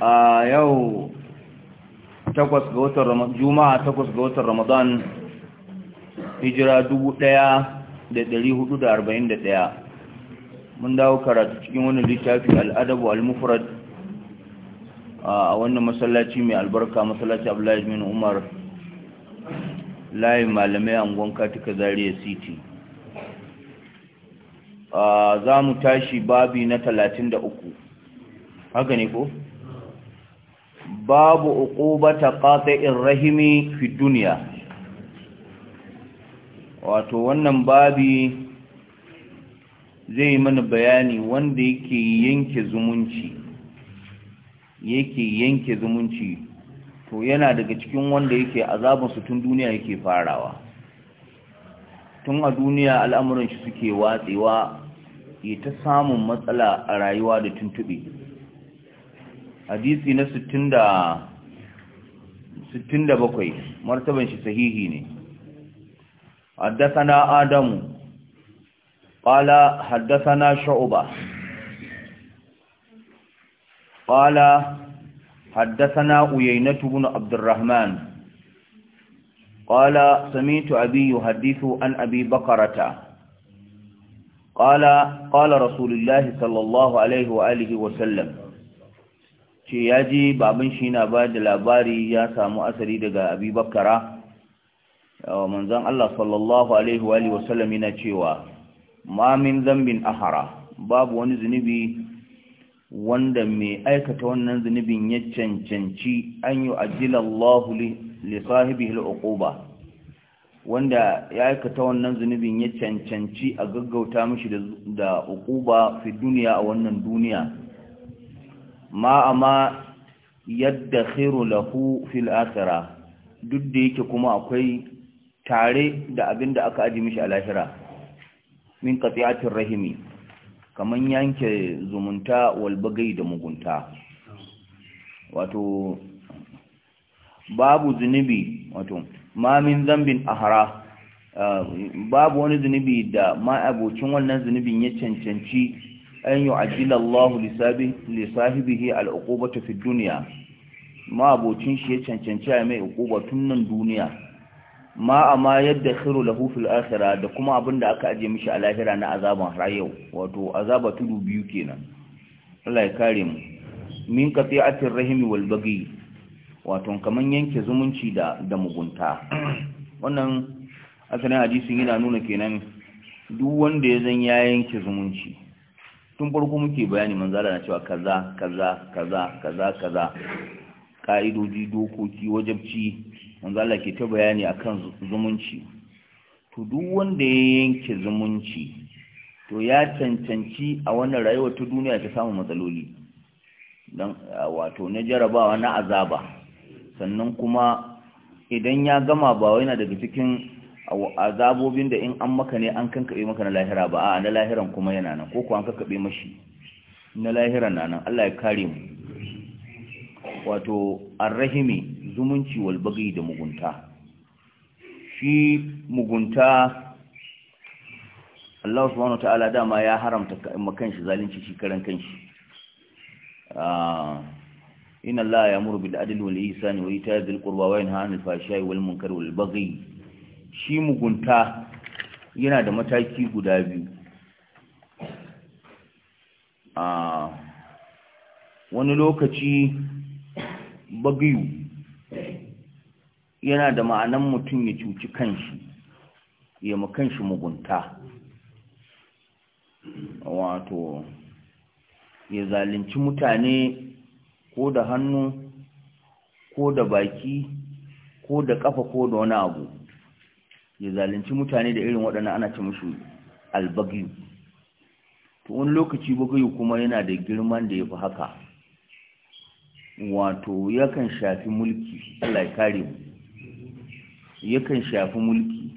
a yau juma'a takwas ga watan ramadan hijira dubu ɗaya da dari hudu da arba'in da ɗaya mun dawo karatu cikin wani littafi al'adabu al-mufrad a wannan masallaci mai albarka masallaci abdullahi bin umar layin malamai angon katika zaria city za mu tashi babi na talatin da uku haka ne ko? babu uqubata qati'ir rahimi fi dunya wato wannan babi zai mana bayani wanda yake yanke zumunci yake yanke zumunci to yana daga cikin wanda yake azabin su tun duniya yake farawa tun a duniya al'amuran shi suke watsewa ya ta samun matsala a rayuwa da tuntuɓe hadisi na 67 martaban shi sahihi ne حدثنا آدم قال حدثنا شعبة قال حدثنا أيينة بن عبد الرحمن قال سمعت أبي يحدث عن أبي بكرة قال قال رسول الله صلى الله عليه وآله وسلم ce ya je baban shi na ba da labari ya samu asali daga abubakara manzan Allah sallallahu alaihi wa sallam yana cewa Mamin min zambin ahara babu wani zunubi wanda mai aikata wannan zunubin ya cancanci an yi ajilallahu li sahibihi wanda ya aikata wannan zunubin ya cancanci a gaggauta mashi da uquba fi duniya a wannan duniya ma amma yadda khiru lahu fil akhirah duk da yake kuma akwai tare da abin da aka aji mishi a lahira min qati'atir rahimi kaman yanke zumunta wal bagai da mugunta wato babu zunubi wato ma min zambin ahara eh, babu wani zunubi da ma abocin wannan zunubin ya cancanci an yi ajilallahu lissahibihi al'ukubata fi duniya ma abocin shi ya cancanci a mai ukuba tun nan duniya ma a yadda khiru lahu fil akhirah da kuma abinda aka ajiye mishi a lahira na azaban har wato azaba tudu biyu kenan Allah ya kare mu min qati'atir rahimi wal wato kaman yanke zumunci da da mugunta wannan asalin hadisin yana nuna kenan duk wanda ya zan ya yanke zumunci tun farko muke bayani manzala na cewa kaza kaza kaza kaza kaza ka'idoji dokoki wajabci manzala ke ta bayani akan zumunci to duk wanda ya yanke zumunci to ya cancanci a wannan rayuwar ta duniya ta samu matsaloli don wato na jarabawa na azaba sannan kuma idan ya gama ba yana daga cikin azabobin da in an maka ne an kankabe maka na lahira ba a na lahiran kuma yana nan ko ko an kankabe mashi na lahiran na nan Allah ya kare mu wato arrahimi zumunci wal bagi da mugunta shi mugunta Allah subhanahu ta'ala dama ya haramta makan shi zalunci shi karan kanshi ah, inna Allah ya'muru bil adli wal ihsani wa ita'i dhil qurba wa yanha 'anil fahsha'i wal munkari wal baghi shi mugunta yana da mataki guda biyu a wani lokaci bagiyu yana da ma'anan mutum ya cuci kanshi ya makanshi mugunta wato ya zalunci mutane ko da hannu ko da baki ko da ƙafa ko da wani abu ya zalunci mutane da irin waɗannan ana ce musu albagiyu to wani lokaci bagayu kuma yana da girman da ya fi haka wato yakan shafi mulki Allah ya kare mu yakan shafi mulki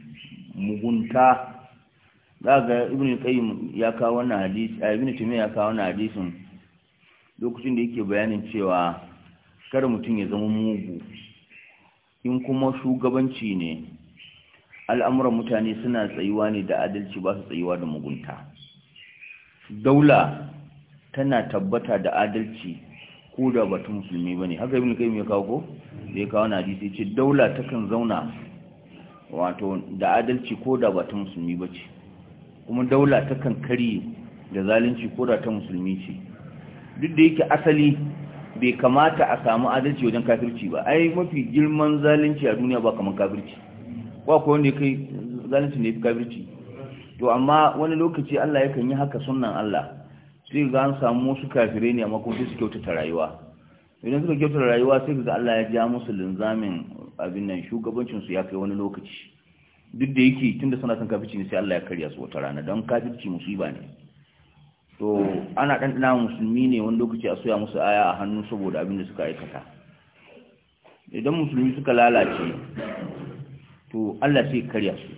mugunta za ga ibn qayyim ya kawo wannan hadisi ibn taymiya ya kawo wannan hadisin lokacin da yake bayanin cewa kar mutum ya zama mugu in kuma shugabanci ne al'amuran mutane suna tsayuwa ne da adalci ba su tsayuwa da mugunta daula tana tabbata da adalci ko da batun musulmi ba ne haka ibn kai ya kawo ko da kawo na hadisi ce daula takan zauna wato da adalci ko da batun musulmi ba ce kuma daula takan kari da zalunci ko da ta musulmi ce duk da yake asali bai kamata a samu adalci wajen kafirci ba ai mafi girman zalunci a duniya ba kamar kafirci ba ko ne kai zalunci ne fi kafirci to amma wani lokaci Allah yakan yi haka sunnan Allah sai ga an samu musu kafirai ne amma kuma sai su kyautata rayuwa idan suka kyautata rayuwa sai ga Allah ya ja musu linzamin abin nan shugabancin su ya kai wani lokaci duk da yake tunda suna san kafirci ne sai Allah ya karya su wata rana don kafirci musiba ne to ana dan dana musulmi ne wani lokaci a soya musu aya a hannu saboda abin da suka aikata idan musulmi suka lalace to Allah sai karya su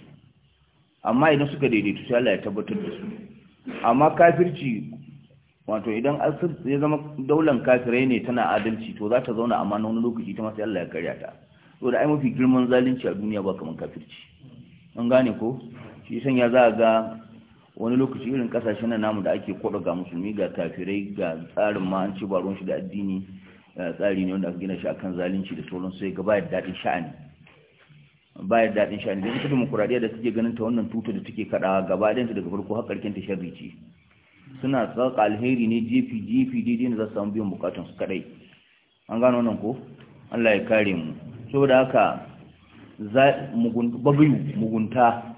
amma idan suka daidaitu sai Allah ya tabbatar da su amma kafirci wato idan asir ya zama daular kafirai ne tana adalci to za ta zauna amma na wani lokaci ta masu Allah ya karya ta to da ai mafi girman zalunci a duniya ba kamar kafirci an gane ko shi san ya za ga wani lokaci irin kasashen na namu da ake koda ga musulmi ga kafirai ga tsarin ma an ci baron shi da addini eh, tsari ne wanda aka gina shi akan zalunci da sauran sai gaba da daɗin sha'ani ba ya daɗin sha'ani don ita demokuraɗiyya da suke ganin ta wannan tuta da take kaɗawa gaba ɗayanta daga farko har ƙarken ta sharri suna tsaka alheri ne jifi jifi daidai ne za su samu biyan bukatun su kaɗai an gano wannan ko allah ya kare mu saboda haka bagayu mugunta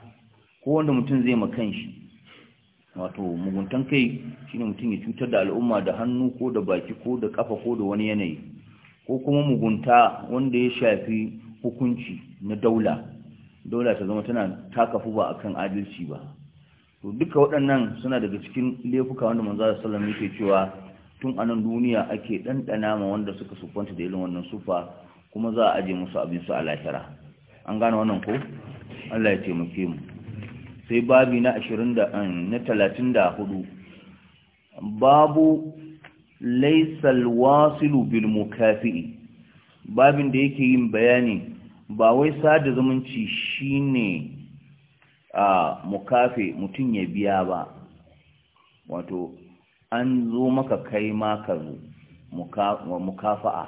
ko wanda mutum zai ma kanshi wato muguntan kai shine mutum ya cutar da al'umma da hannu ko da baki ko da kafa ko da wani yanayi ko kuma mugunta wanda ya shafi hukunci na daula daula ta zama tana takafu ba akan adalci ba to duka waɗannan suna daga cikin laifuka wanda manzo sallallahu alaihi wasallam cewa tun anan duniya ake dandana ma wanda suka sufanta da irin wannan sufa kuma za a aje musu abin su a lahira an gane wannan ko Allah ya taimake mu sai babi na 20 da eh, na 34 babu laysal wasilu bil mukafi babin da yake yin bayani ba wai sada zumunci shine a mukafe mutum ya biya ba wato an zo maka kai ma ka zo mukafa'a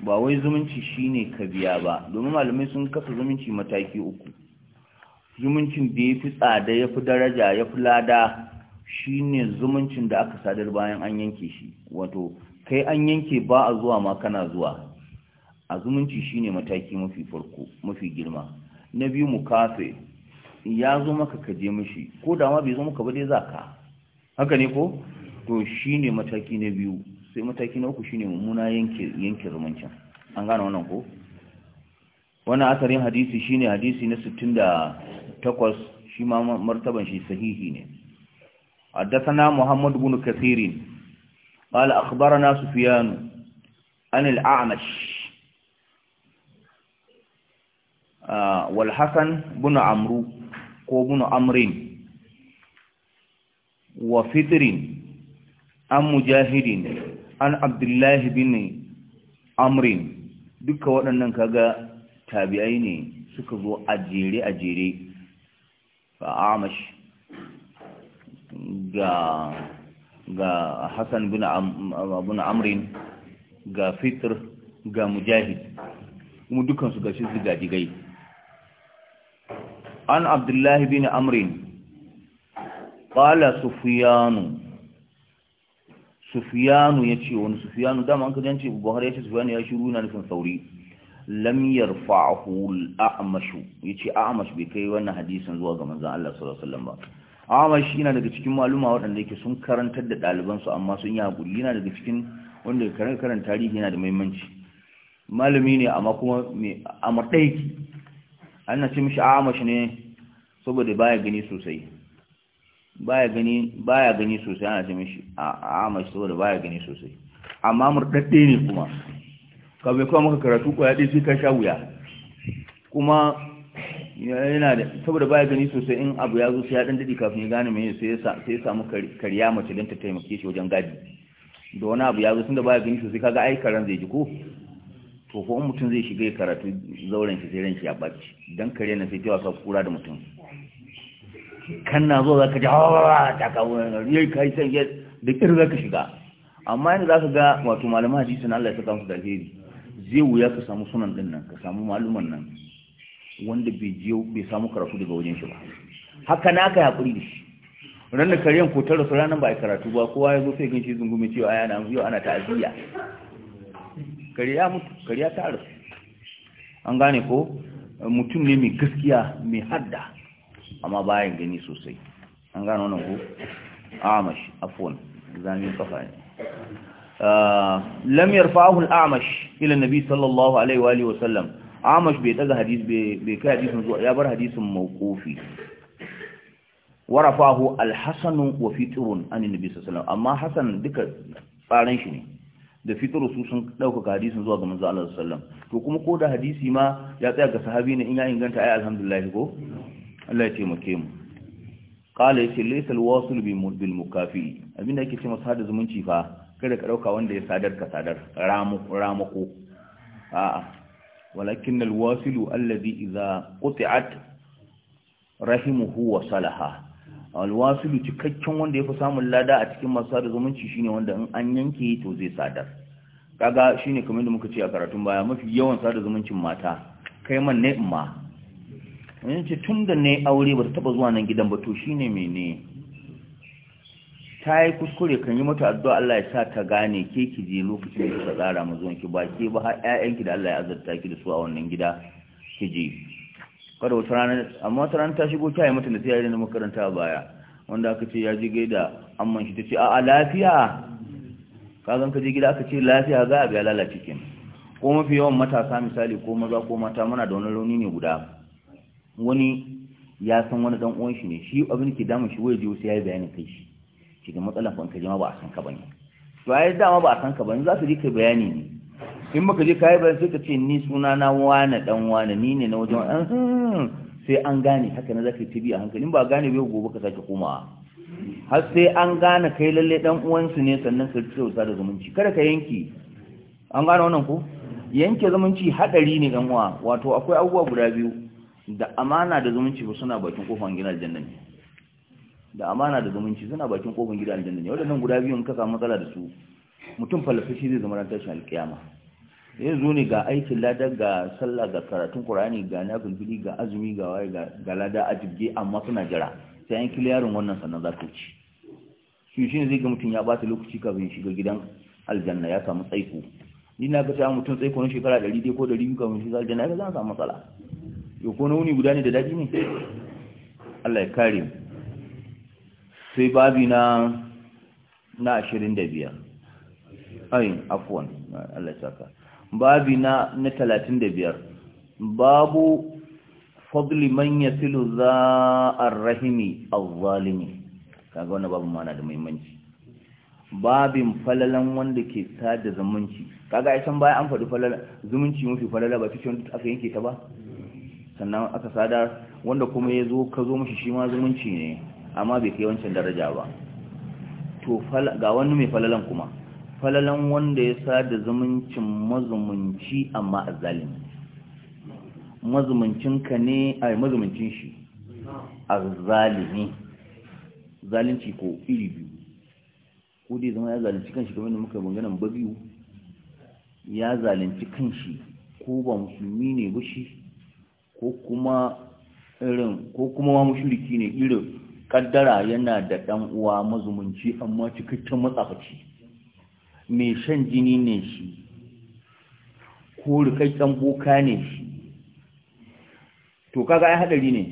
ba wai zumunci shine ka biya ba domin malamai sun kafa zumunci mataki uku zumuncin da ya fi tsada ya fi daraja ya fi lada shine zumuncin da aka sadar bayan an yanke shi wato kai an yanke ba a zuwa ma kana zuwa a zumunci shine mataki mafi farko mafi girma na biyu mu kafe ya zo maka ka je mishi ko da ma bai zo maka ba dai za ka haka ne ko to shine mataki na biyu sai mataki na uku shine mummuna yanke yanke zumuncin an gane wannan ko wannan asarin hadisi shine hadisi na 68 shi ma martaban shi sahihi ne حدثنا محمد بن كثير قال أخبرنا سفيان عن الأعمش wal hasan bin amru ko bin amrin wa fitrin an mujahidin an abdullahi bin amrin duka waɗannan kaga tabi'ai ne suka zo a jere a jere ga ga hassan bin amrin ga fitr ga mujahid kuma dukansu ga shi zigajigai an abdullahi bin amrin ƙala sufiyanu sufiyanu ya ce wani sufiyanu dama an kajanci buhari ya ce sufiyanu ya shiru na nufin sauri lamyar fa'ahul a'amashu ya ce a'amashu bai kai wannan hadisin zuwa ga manzan Allah sallallahu ba A'amashu yana daga cikin maluma waɗanda yake sun karantar da ɗalibansu amma sun yi haƙuri yana daga cikin wanda karan tarihi yana da muhimmanci malami ne amma kuma mai amarɗaiki na ce mishi amash ne saboda baya gani sosai baya gani baya gani sosai ana ce mishi amash saboda baya gani sosai amma murdadde ne kuma ka bai kuma maka karatu ko ya dace ka sha wuya kuma yana da saboda baya gani sosai in abu ya zo sai ya dan dadi kafin ya gane me sai ya sai ya samu kariya mace don ta taimake shi wajen gadi da wani abu ya zo tunda baya gani sosai kaga ai karan zai ji ko to ko mutum zai shiga ya karatu zauren shi sai ran ya baci dan kare na sai ta wasa kura da mutum kan na zo zaka ji ha ta kawo yayi kai sai ya da kir zaka shiga amma yanzu zaka ga wato malama hadisi na Allah ya saka musu da alheri zai wuya ka samu sunan din nan ka samu maluman nan wanda bai je bai samu karatu daga wajen shi ba haka na kai hakuri da shi ranar kariyan ko ta su ranar ba a karatu ba kowa ya zo sai gan shi zungume cewa yana yau ana ta'aziyya kare ya mutu kare ya taru an gane ko mutum ne mai gaskiya mai hadda amma bayan gani sosai an gane wannan ko amash afwan zamin kafa ne ah, lam yarfa'ahu al-amash ila nabi sallallahu alaihi wa alihi wa sallam amash bai daga hadisi bai kai hadisin zuwa ya bar hadisin mawqufi warafahu al-hasan wa fitrun an nabi sallallahu alaihi wa sallam amma hasan duka tsaran shi ne da fitar su sun ɗaukaka hadisin zuwa ga manzo Allah sallam to kuma ko da hadisi ma ya tsaya ga sahabi ne in ya inganta ai alhamdulillah ko Allah ya taimake mu qala yake laysa alwasil bi mudbil mukafi abinda yake cewa da zumunci fa kada ka dauka wanda ya sadar ka sadar ramu ramako a'a walakin alwasil alladhi idha quti'at rahimuhu wa salaha alwasilu cikakken wanda ya fi samun lada a cikin masu sada zumunci shine wanda in an yanke to zai sadar kaga shine kamar da muka ce a karatun baya mafi yawan sada zumuncin mata kai man ne in ma in ce tun da ne aure ba ta taba zuwa nan gidan ba to shine mene ta yi kuskure kan yi mata addu'a Allah ya sa ta gane ke ki je lokacin da ta tsara mu zuwan ki ba ke ba har ƴaƴanki da Allah ya azurta ki da su a wannan gida ki je kada wata rana amma wata rana ta shigo ta yi mata da yi na makaranta baya wanda aka ce ya je da amman shi ta ce a'a lafiya kagan ka je gida aka ce lafiya za a biya lalace kenan ko mafi yawan matasa misali ko maza ko mata muna da wani rauni ne guda wani ya san wani dan uwan shi ne shi abin ke damun shi waye wasu sai ya bayani kai shi shi ga matsalar fa jima ma ba a san ka bane to yi dama ba a san ka bane za su je kai bayani ne in ka je kayi bayan sai ka ce ni suna na wane dan wane ni ne na wajen an sai an gane haka na zaka tibi a hankali in ba gane bai gobe ka sake komawa har sai an gane kai lalle dan uwansu ne sannan ka ci da zumunci kada ka yanke. an gane wannan ko yanke zumunci hadari ne dan uwa wato akwai abubuwa guda biyu da amana da zumunci ba suna bakin kofar gidan aljanna ne da amana da zumunci suna bakin kofar gidan aljanna ne wadannan guda biyu in ka samu matsala da su mutum fallafashi zai zama ran tashin alkiyama zai zo ne ga aikin lada ga sallah ga karatun qur'ani ga nafilfili ga azumi ga waye ga lada a jibge amma suna jira sai an kiliyarin wannan sannan za ku ci shi ne zai ga mutum ya bata lokaci kafin shiga gidan aljanna ya samu tsaiko ni na ga ta mutum tsaiko na shekara dai ko biyu kafin shiga aljanna ga za samu matsala yau ko na wuni guda ne da daɗi ne Allah ya kare mu sai babi na na biyar ayin afuwan Allah ya saka babi na na talatin da biyar babu fadli man ya filu za a rahimi a zalimi kaga wani babu mana da muhimmanci babin falalan wanda ke sada zumunci kaga aishan baya an faɗi falalan zumunci mafi falala ba cikin aka yanke ta ba sannan aka sada wanda kuma ya zo ka zo mashi shi ma zumunci ne amma bai kai wancan daraja ba to ga wani mai falalan kuma falalan wanda ya sada zumuncin mazumunci amma a zalimi mazumuncinka ne a mazumuncin shi a zalimi zalunci ko iri biyu ko dai zama ya zalunci kanshi kamar da muka bangana ba biyu ya zalunci kanshi ko ba musulmi ne ba shi ko kuma irin ko kuma ma mushriki ne irin kaddara yana da dan uwa mazumunci amma cikakken matsafaci mai shan jini ne shi ko rikakken boka ne shi to kaga ai hadari ne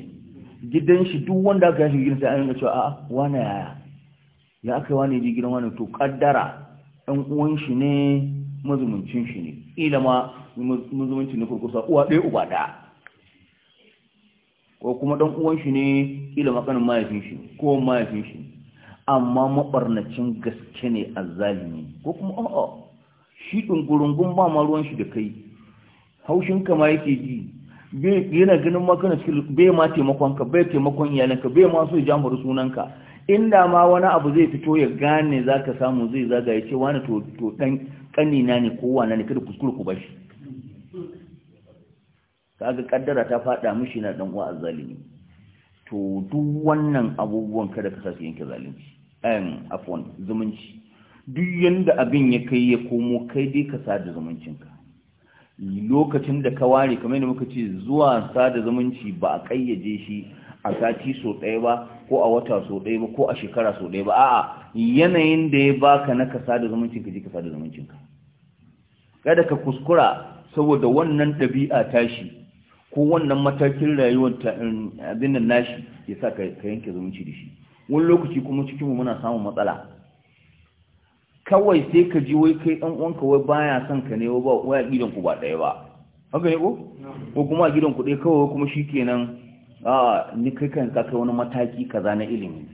gidan shi duk wanda aka yi gidan sai an ga cewa a'a wani yaya ya aka wani ji gidan wani to kaddara ɗan uwan shi ne mazumuncin shi ne ila ma mazumuncin na kurkusa uwa ɗaya uba ɗaya ko kuma ɗan uwan shi ne ila makanin mahaifin shi ko mahaifin shi ne amma maɓarnacin gaske ne a zalimi ko kuma a'a shi ɗungurungun ba ma ruwan shi da kai haushin kama yake ji yana ganin kana cikin bai ma taimakonka bai taimakon iyalanka bai ma so ya jamar sunanka inda ma wani abu zai fito ya gane zaka samu zai zaga ya ce wani to ɗan ƙanina ne ko wani ne kada kuskure ku bashi kaga kaddara ta faɗa mishi na ɗan uwa zalimi to duk wannan abubuwan kada ka su yanke zalunci afon zumunci duk yadda abin ya kai ya komo kai dai ka sada zumuncinka lokacin da ka ware kamar yadda muka ce zuwa sada zumunci ba a kayyaje shi a sati so ɗaya ba ko a wata so ɗaya ba ko a shekara so ɗaya ba a'a yanayin da ya baka na ka sada zumuncinka je ka sada zumuncinka kada ka kuskura saboda wannan ɗabi'a tashi ko wannan matakin rayuwar abin nan nashi ya sa ka yanke zumunci da shi wani lokaci kuma cikinmu muna samun matsala kawai sai ka ji wai kai ɗan uwanka wai baya son ka ne ba wai a gidan ku ba ɗaya ba haka ne ko ko kuma a gidan ku ɗaya kawai kuma shikenan a ni kai kan ka kai wani mataki kaza na ilimi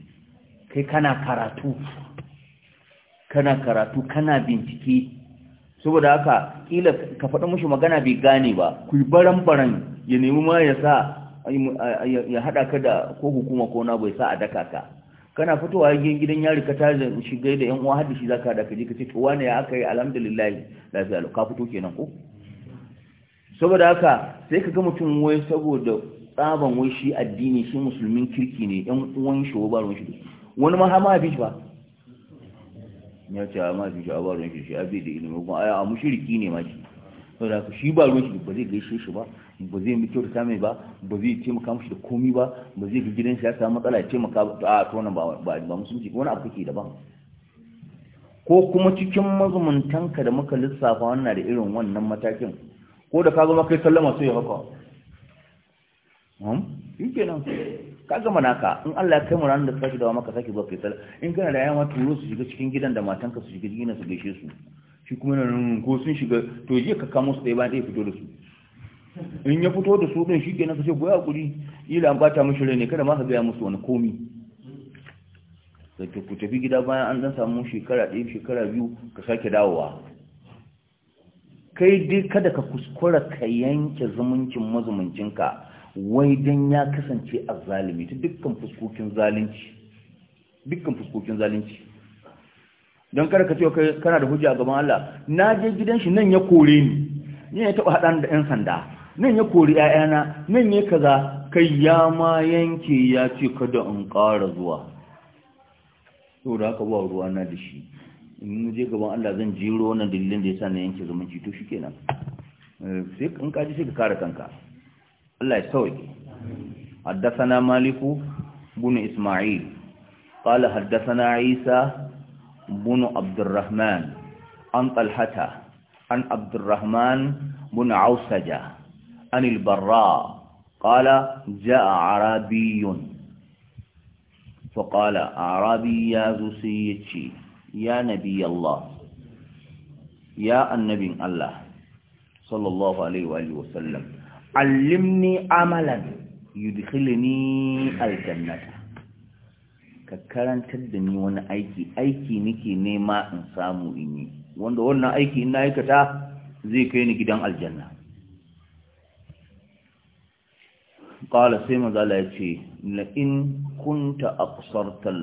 kai kana karatu kana karatu kana bincike saboda haka kila ka faɗa mushi magana bai gane ba ku baran baran ya nemi ma ya sa ya haɗa ka da ko hukuma ko na bai sa a daka ka kana fitowa gidan yari ka shi gai da yan uwa hadda shi zaka da ka kace ce wane ya aka yi alhamdulillah lafiya ka fito kenan ko saboda haka sai ka ga mutum wai saboda tsaban wai shi addini shi musulmin kirki ne yan uwan shi ba ruwan shi wani ma abin shi ba ya ce ah, ma bi shi ah, ba ruwan shi shi abin da ilimi kuma aya a ah, mushriki ne ma shi saboda haka shi ba shi ba zai gaishe shi ba ba zai mutu da mai ba ba zai taimaka mashi da komi ba ba zai gidan shi ya samu matsala ya taimaka ba a tonan ba ba musulunci wani abu kake daban ko kuma cikin mazumuntanka da muka lissafa wannan da irin wannan matakin ko da ka zama kai sallama sai ya haka yi hmm? kenan ka gama naka in Allah ya kai mu ranar da ka dawa maka sake zuwa kai sallama in kana da yawa turo su shiga cikin gidan da matanka su shiga gidan su gaishe su shi kuma nan ko sun shiga to je ka kamo su ɗaya ba ɗaya fito da su in ya fito da su ɗin shi na kashe goya hakuri ila an bata mashi rai ne kada ma ka gaya musu wani komi sai ku tafi gida bayan an dan samu shekara ɗaya shekara biyu ka sake dawowa kai dai kada ka kuskura ka yanke zumuncin mazumuncinka wai dan ya kasance a zalimi ta dukkan fuskokin zalunci dukkan fuskokin zalunci don kada ka ce kai kana da hujja gaban Allah na je gidan shi nan ya kore ni ne ya taba hadan da yan sanda nan ya kori ‘ya'yana nan ya kaza kai ya ma yanke ya ce kada in ƙara zuwa da haka ba ruwa na da shi in je gaban Allah zan jiro wannan dalilin da ya sa na yanke zumunci to shikenan eh, sai in kaji sai ka kare kanka Allah ya sauke haddathana malik ibn isma'il qala haddathana isa ibn abdurrahman an talhata an abdurrahman ibn ausaja عن البراء قال جاء عربي فقال عربي يا زسيتشي يا نبي الله يا النبي الله صلى الله عليه وآله وسلم علمني عملا يدخلني الجنة ka karantar da ni wani aiki aiki nake nema in samu in yi wanda wannan aiki in na aikata zai kai ni gidan aljanna qala sai manzala ce na in kunta aqsarta al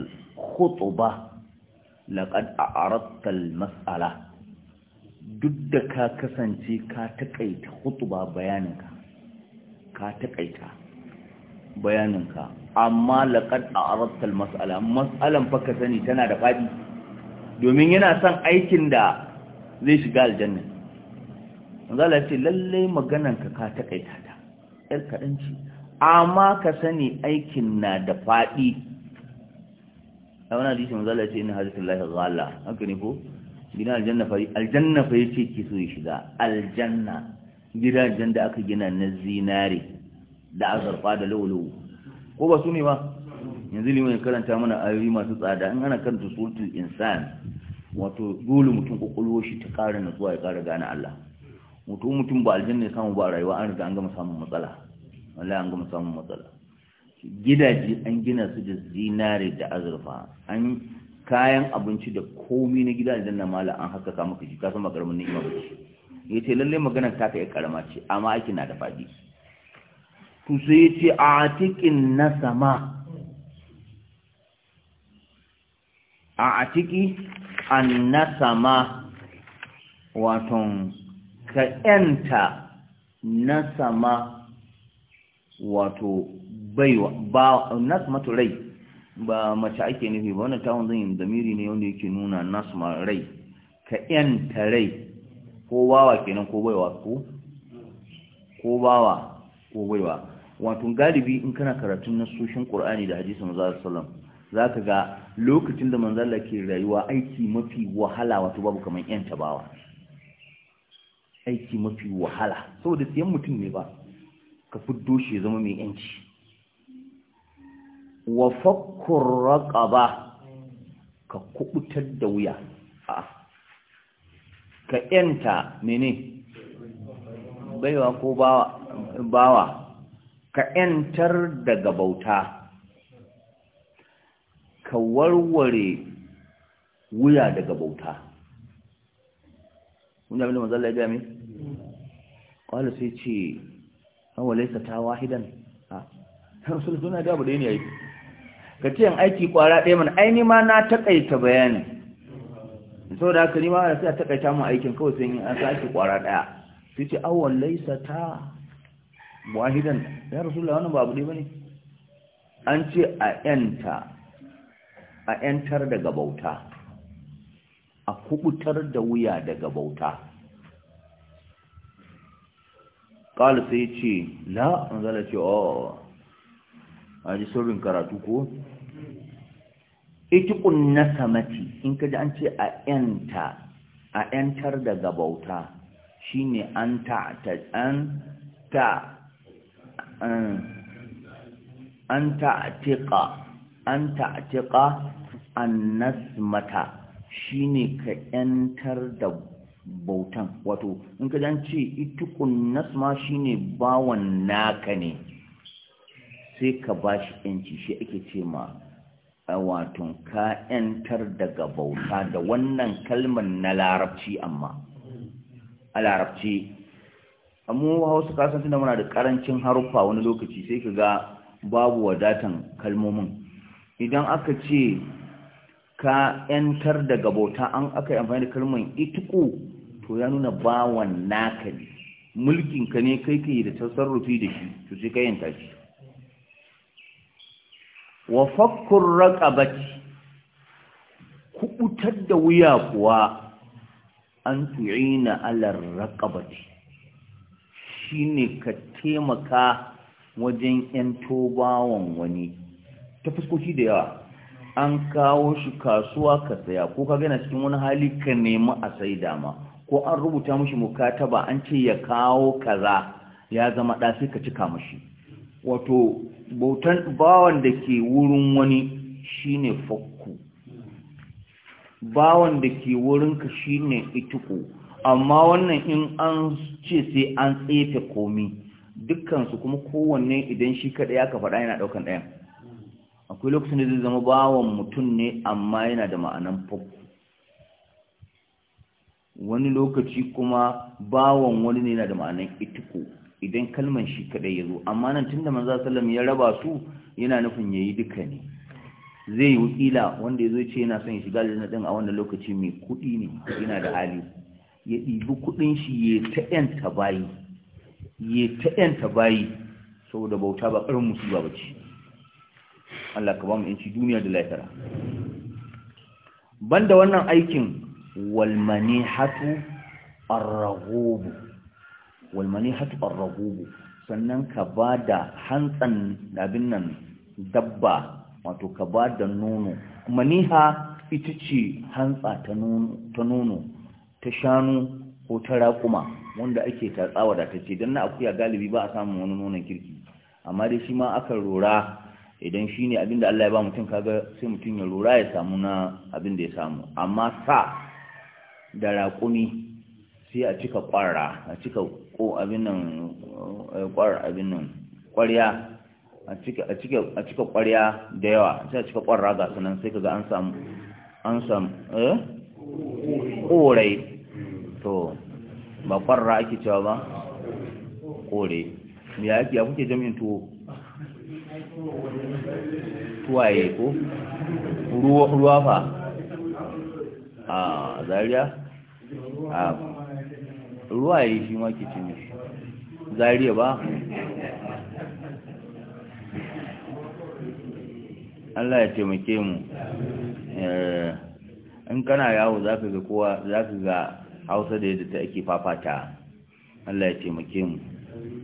khutba laqad a al mas'ala duk da ka kasance ka takaita khutba bayaninka ka taƙaita bayaninka amma laqad a al mas'ala mas'alan fa sani tana da faɗi, domin yana son aikin da zai shiga aljanna manzala ce lallai maganarka ka taƙaita ta yar kadanci amma ka sani aikin na da faɗi a wani hadisi manzo ce ina hadisi inna hadithullahi ghala haka ne ko gina aljanna fa aljanna fari ce ke so ya shiga aljanna gidajen da aka gina na zinare da azurfa da lawlaw ko ba su ne ba yanzu liman karanta mana ayoyi masu tsada in ana karanta suratul insan wato dole mutum kokolwo shi ta ƙara natsuwa ya ƙara gane Allah mutum mutum ba aljanna ya samu ba rayuwa an riga an gama samun matsala wallahi an gama samun matsala gidaje an gina su da zinare da azurfa an kayan abinci da komi na gida dan na mala an haskaka maka shi kasan makaramin ni'ima ba ce ya ce lalle magana ta kai karama ce amma aiki na da fadi to sai ya ce a atikin na sama a atiki an na sama waton ka yanta na sama wato baiwa ba mata rai ba mace ake nufi ba wannan tawon zan zamiri ne wanda yake nuna nasma rai ka yanta rai ko bawa kenan ko baiwa ko ko bawa ko baiwa wato galibi in kana karatun nasoshin Qur'ani da hadisin Manzo wasallam zaka ga lokacin da Manzo Allah ke rayuwa aiki mafi wahala wato babu kaman yanta bawa aiki mafi wahala saboda siyan mutum ne ba ka fuddo shi zama mai yanci wa fakkur raqaba ka kubutar da wuya a ka yanta mene baiwa ko bawa bawa ka yantar daga bauta ka warware wuya daga bauta wanda abin da manzala ya gami? ƙwallo sai ce wa laysa ta wahidan ha rasul suna da abu da ne yayi ka ce an aiki kwara ɗaya mana ai ni ma na takaita bayani saboda haka ni ma sai a takaita mu aikin kawai sai an sa aiki kwara ɗaya sai ce aw walaisa ta wahidan ya rasul rasulullah wannan ba abu ne bane an ce a yanta a yantar daga bauta a kubutar da wuya daga bauta ƙala sai ce la manzala ce o oh, a ji sirrin karatu ko iti ƙunna samati in kaji an ce a ‘yanta a ‘yantar daga bauta shi ne an ta an ta an ta'atiƙa an an nasmata shi ne ka ‘yantar da bautan wato in ka dan ce itukun nasma shine bawan naka ne sai ka bashi yanci shi ake ce ma wato ka yantar daga bauta da wannan kalmar na larabci amma a larabci amma hausa kasan tunan muna da karancin haruffa wani lokaci sai ka ga babu wadatan kalmomin idan aka ce ka yantar daga bauta an aka yi amfani da kalmar ituku. to ya nuna bawan naka ne mulkin ka ne kai kai da tasarrufi da shi to sai ka yanta shi wa fakkur raqabati kubutar da wuya kuwa an tu'ina ala raqabati shine ka taimaka wajen yan tobawan wani ta fuskoki da yawa an kawo shi kasuwa ka saya ko ka gana cikin wani hali ka nemi a sai dama ko an rubuta mushi mukataba an ce ya kawo kaza ya zama da sai ka cika mushi wato bautan bawan da ke wurin wani shine fakku bawan da ke wurin ka shine ituku amma wannan in an ce sai an tsefe komi dukkansu kuma kowanne idan shi kaɗai ka faɗa yana ɗaukan ɗayan akwai lokacin da zai zama bawan mutum ne amma yana da ma'anan fakku wani lokaci kuma bawan wani ne na da ma'anan itiku idan kalman shi kadai ya zo amma nan tunda manzo sallam ya raba su yana nufin yayi duka ne zai yi wakila wanda ya zo ce yana son ya shiga da din a wannan lokaci mai kuɗi ne yana da hali ya ɗibi kuɗin shi ya ta yanta bayi ya ta bayi saboda bauta ba ƙarin musulma ba ce Allah ka ba mu yanci duniya da lahira banda wannan aikin walmanihatu arrahubu walmanihatu arrahubu sannan ka ba da hantsan abin nan dabba wato ka ba da nono maniha ita ce hantsa ta nono ta shanu ko ta raƙuma wanda ake ta ce don na akuya galibi ba a samun wani nonon kirki amma dai shi ma akan rora idan shi ne abinda Allah ya ba mutum kaga sai mutum ya rora ya samu na abinda ya samu amma sa da raƙumi sai a cika ƙwarra a cika ko abin nan eh, ƙwar abin nan ƙwarya a cika ƙwarya da yawa sai a cika ƙwarra ga sunan sai kaga an samu an samu eh ƙorai to ba ƙwarra ake cewa ba ƙorai ya ake ya kuke jami'in tuwo tuwaye ko ruwa fa a ah, zariya a ah, ruwa yi shi ma ke cini shi zariya ba Allah ya taimake mu eh, in kana yawo za ka ga kowa za ka ga hausa da yadda ta ake fafata Allah ya taimake mu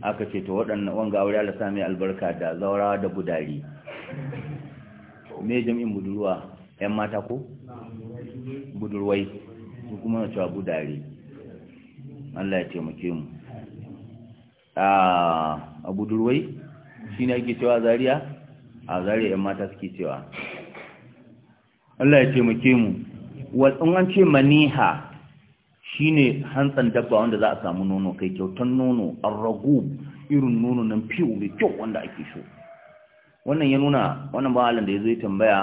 aka ce to wadannan wanga aure Allah sami albarka da zaurawa da budari me jami'in budurwa 'yan mata ko budurwai su kuma na cewa budare Allah ya taimake mu a budurwai shi ne ake cewa zariya a zariya yan mata suke cewa Allah ya taimake mu watsun an ce maniha shi ne hantsan dabba wanda za a samu nono kai kyautan nono an ragu irin nono nan fiye mai kyau wanda ake so wannan ya nuna wannan ba halin da ya zo ya tambaya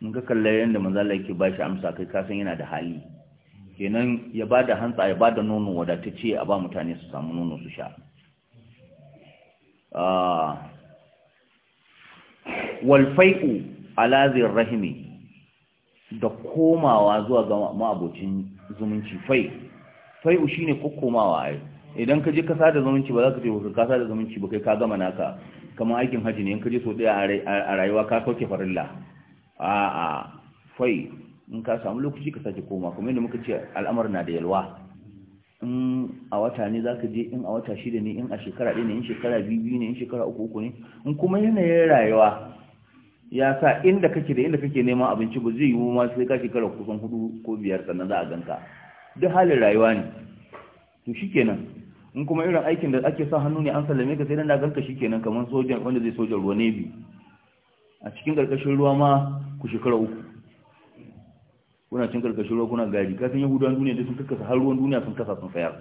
in ka kalla yadda manzala yake ba shi amsa kai kasan yana da hali kenan ya ba da hantsa ya ba da nono wadatacce a ba mutane su samu nono su sha ah, walfai'u alazin rahimi da komawa zuwa ga ma'abocin zumunci fai fai'u ne kokomawa ai idan ka je ka sada zumunci ba za ka ce ka da zumunci ba kai ka gama naka kamar aikin hajji ne in ka je so daya a rayuwa ka sauke farilla a'a fai in ka samu lokaci ka sake koma kuma yadda muka ce al'amar na da yalwa in a wata ne za ka je in a wata shida ne in a shekara ɗaya ne in shekara biyu ne in shekara uku uku ne in kuma yanayin rayuwa ya sa inda kake da inda kake neman abinci ba zai yiwu ma sai ka shekara kusan hudu ko biyar sannan za a ganka duk halin rayuwa ne to shikenan in kuma irin aikin da ake sa hannu ne an sallame ka sai dan da ganka shikenan kamar sojan wanda zai sojan ruwa ne a cikin ƙarƙashin ruwa ma ku shekara uku kuna cin karkashin ruwa kuna gari kasan yahudawan duniya da sun karkasa har ruwan duniya sun kasa sun sayar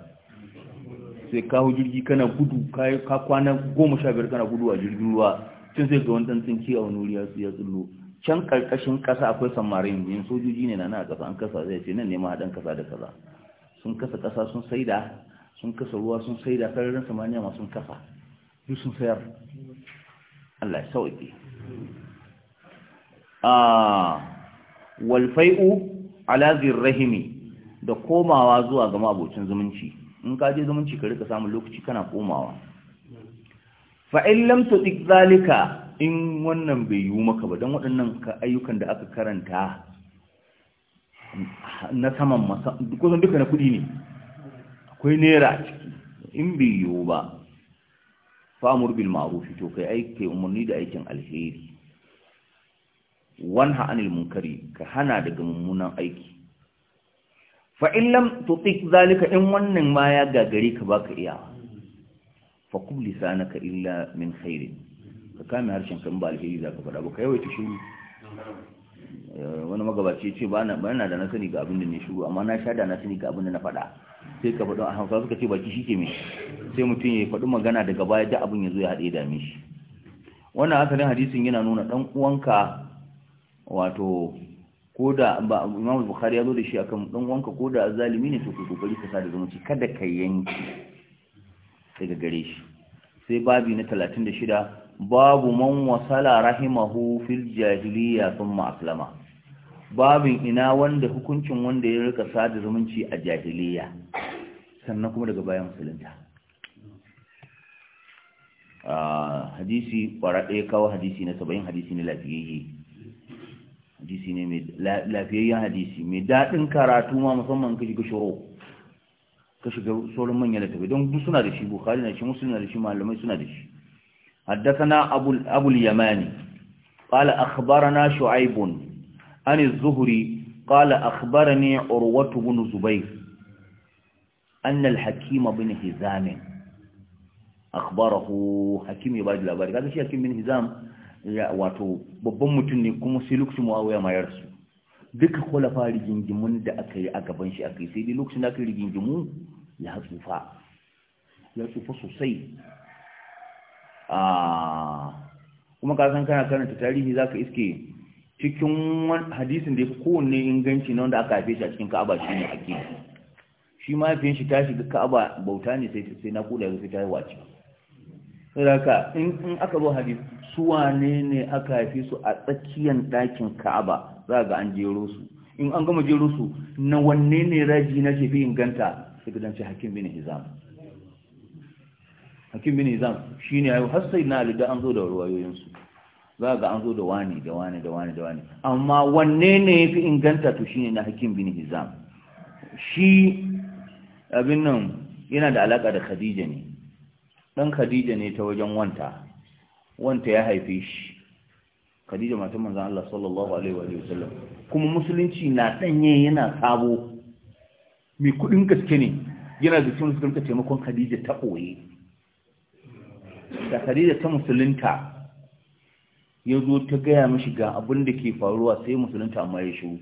sai kawo jirgi kana gudu ka kwana goma sha biyar kana gudu a jirgin ruwa cin sai ga wani dan tsinki a wani wuri ya tsullo can karkashin kasa akwai samarin yin sojoji ne na na kasa an kasa zai ce nan ne ma dan kasa da kaza sun kasa kasa sun saida sun kasa ruwa sun saida sararin samaniya ma sun kasa duk sun sayar Allah ya sauke ah wal fai'u ala Rahimi, da komawa zuwa ga mabocin zumunci in ka je zumunci ka rika samun lokaci kana komawa fa in lam tudik zalika in wannan bai yiwu maka ba don waɗannan ayyukan da aka karanta na saman masa kusan duka na kuɗi ne akwai nera ciki in bai yiwu ba Fa amur bil ma'ruf to kai aiki umarni da aikin alheri wanha anil munkari ka hana daga mummunan aiki fa in lam tutik zalika in wannan ma ya gagare ka baka iya fa kub lisanaka illa min khairin ka kame harshen kan ba alheri zaka faɗa ba ka yawaita shiru eh, wani magabaci ce ba na da na sani ga abin da ne shiru amma na sha da na sani ga abin da na faɗa sai ka faɗin a hausa suka ce baki shike me sai mutum ya faɗi magana daga baya da abin ya zo ya haɗe dame shi wannan asalin hadisin yana nuna ɗan uwanka wato ko da imam bukhari ya zo da shi akan dan wanka ko da zalimi ne to ku kokari ka sada zumunci kada ka yanki daga gare shi sai babi na 36 babu man wasala rahimahu fil jahiliya thumma aslama babin ina wanda hukuncin wanda ya rika sada zumunci a jahiliya sannan kuma daga bayan musulunta ah, hadisi fara ɗaya kawo hadisi na saba'in hadisi na lafiyayye hadisi ne mai lafiyayyen hadisi mai daɗin karatu ma musamman ka shiga shiro ka shiga sauran manyan littafi don duk suna da shi bukhari na shi muslim na da shi malamai suna da shi haddathana abu yamani qala akhbarana shu'aib an az-zuhri qala akhbarani urwa ibn zubayr anna al-hakim ibn hizam akhbarahu hakim ibad al-abari kaga shi hakim ibn hizam wato babban mutum ne kuma sai lokacin muawiya ma ya rasu duka kwalafa rigingimun da aka yi a gaban shi aka yi sai dai lokacin da aka yi rigingimu ya tsufa ya tsufa sosai ah, kuma ka san kana karanta tarihi zaka iske cikin hadisin da ya fi kowanne inganci na wanda aka haife shi a cikin ka'aba shi ne ake shi mahaifiyan shi tashi shiga ka'aba bauta ne sai sai na kula sai ta yi wace sai da haka in aka zo hadisi su wane ne aka haife su a tsakiyan ɗakin ka'aba za ga an jero su in an gama jero su na wanne ne raji na fi inganta su gidanci hakim bin hizam hakim bin hizam shine ayo har sai na alida an zo da ruwayoyin su za ga an zo da wani da wani da wani da wani amma wanne ne fi inganta to shine na hakim bin hizam shi abin nan yana da alaka da khadija ne dan khadija ne ta wajen wanta wanta ya haife shi khadija matan manzon Allah sallallahu alaihi wa sallam kuma musulunci na danye yana sabo mai kudin gaske ne yana da cikin musulunta taimakon khadija ta boye da khadija ta musulunta ya zo ta gaya mishi ga abin da ke faruwa sai musulunta amma ya shiru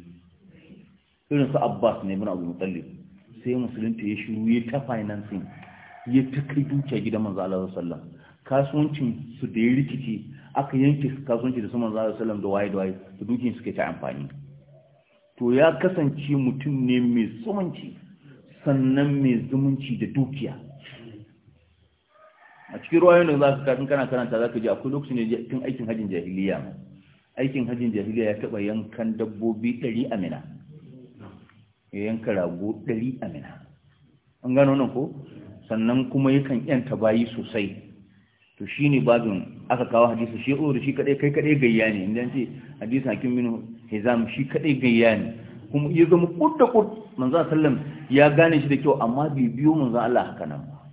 irin su abbas ne bin abu mutallib sai musulunta ya shiru ya ta financing ya ta kai dukiya gidan manzon Allah sallallahu alaihi sallam kasuwancin su da ya rikice aka yanke kasuwanci da su manzo da sallam da waye da waye da dukiyar suke ta amfani to ya kasance mutum ne mai tsumanci sannan mai zumunci da dukiya a cikin ruwayoyin da za ka kafin kana karanta za ka ji akwai lokacin ne tun aikin hajjin jahiliya aikin hajjin jahiliya ya taɓa yankan dabbobi ɗari amina ya yanka rago ɗari amina an gano nan ko sannan kuma yakan yanta bayi sosai to ne babin aka kawo hadisi shi uru shi kadai kai kadai gayya ne inda ce hadisi hakim minu hizam shi kadai gayya ne kuma ya zama kudda kud manzo sallam ya gane shi da kyau amma bai biyo manzo Allah haka nan ba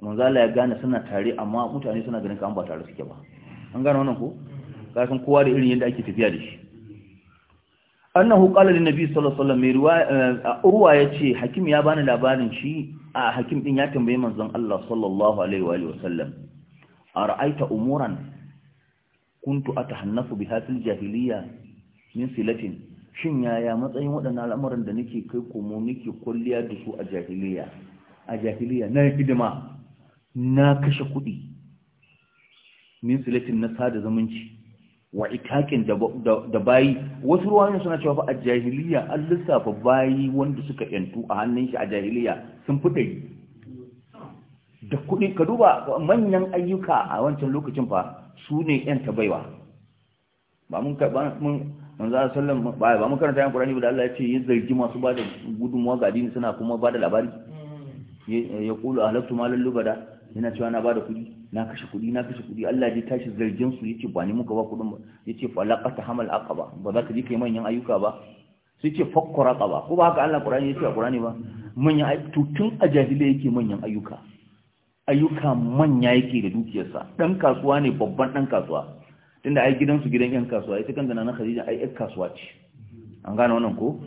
manzo Allah ya gane suna tare amma mutane suna ganin ka an ba tare suke ba an gane wannan ko kasan kowa da irin yadda ake tafiya da shi annahu qala lin nabi sallallahu alaihi wasallam eh, urwa yace hakim ya bani labarin shi a hakim din ya tambaye manzon Allah sallallahu alaihi wa wasallam ara'aita umuran kuntu atahannafu biha fil jahiliya min silatin shin yaya matsayin wadannan al'amuran da nake kai komo nake kulliya da su a jahiliya a jahiliya na hidima na kashe kuɗi min silatin na sada zumunci wa itakin da bayi wasu ruwanin suna cewa a jahiliya an lissafa bayi wanda suka yantu a hannun shi a jahiliya sun fi ɗari da kuɗi ka duba manyan ayyuka a wancan lokacin fa su ne yan baiwa ba mun ka mun za a sallan ba ba mun karanta yan kurani da Allah ya ce ya zargi masu ba da gudunmuwa ga dini suna kuma ba da labari mm. ya qulu halattu malin lubada yana cewa na bada kuɗi na kashe kuɗi na kashe kuɗi Allah ya tashi zargin su yace ba ni muka ba kuɗin ba yace fa laqata hamal aqaba ba za ka je kai manyan ayyuka ba sai ce fakkura qaba ko ba haka Allah Qur'ani yace a Qur'ani ba manyan ayyuka tun a yake manyan ayyuka ayyuka manya yake da dukiyarsa dan kasuwa ne babban dan kasuwa tunda ai su gidan yan kasuwa ita kanta nan Khadija ai yan kasuwa ce an gane wannan ko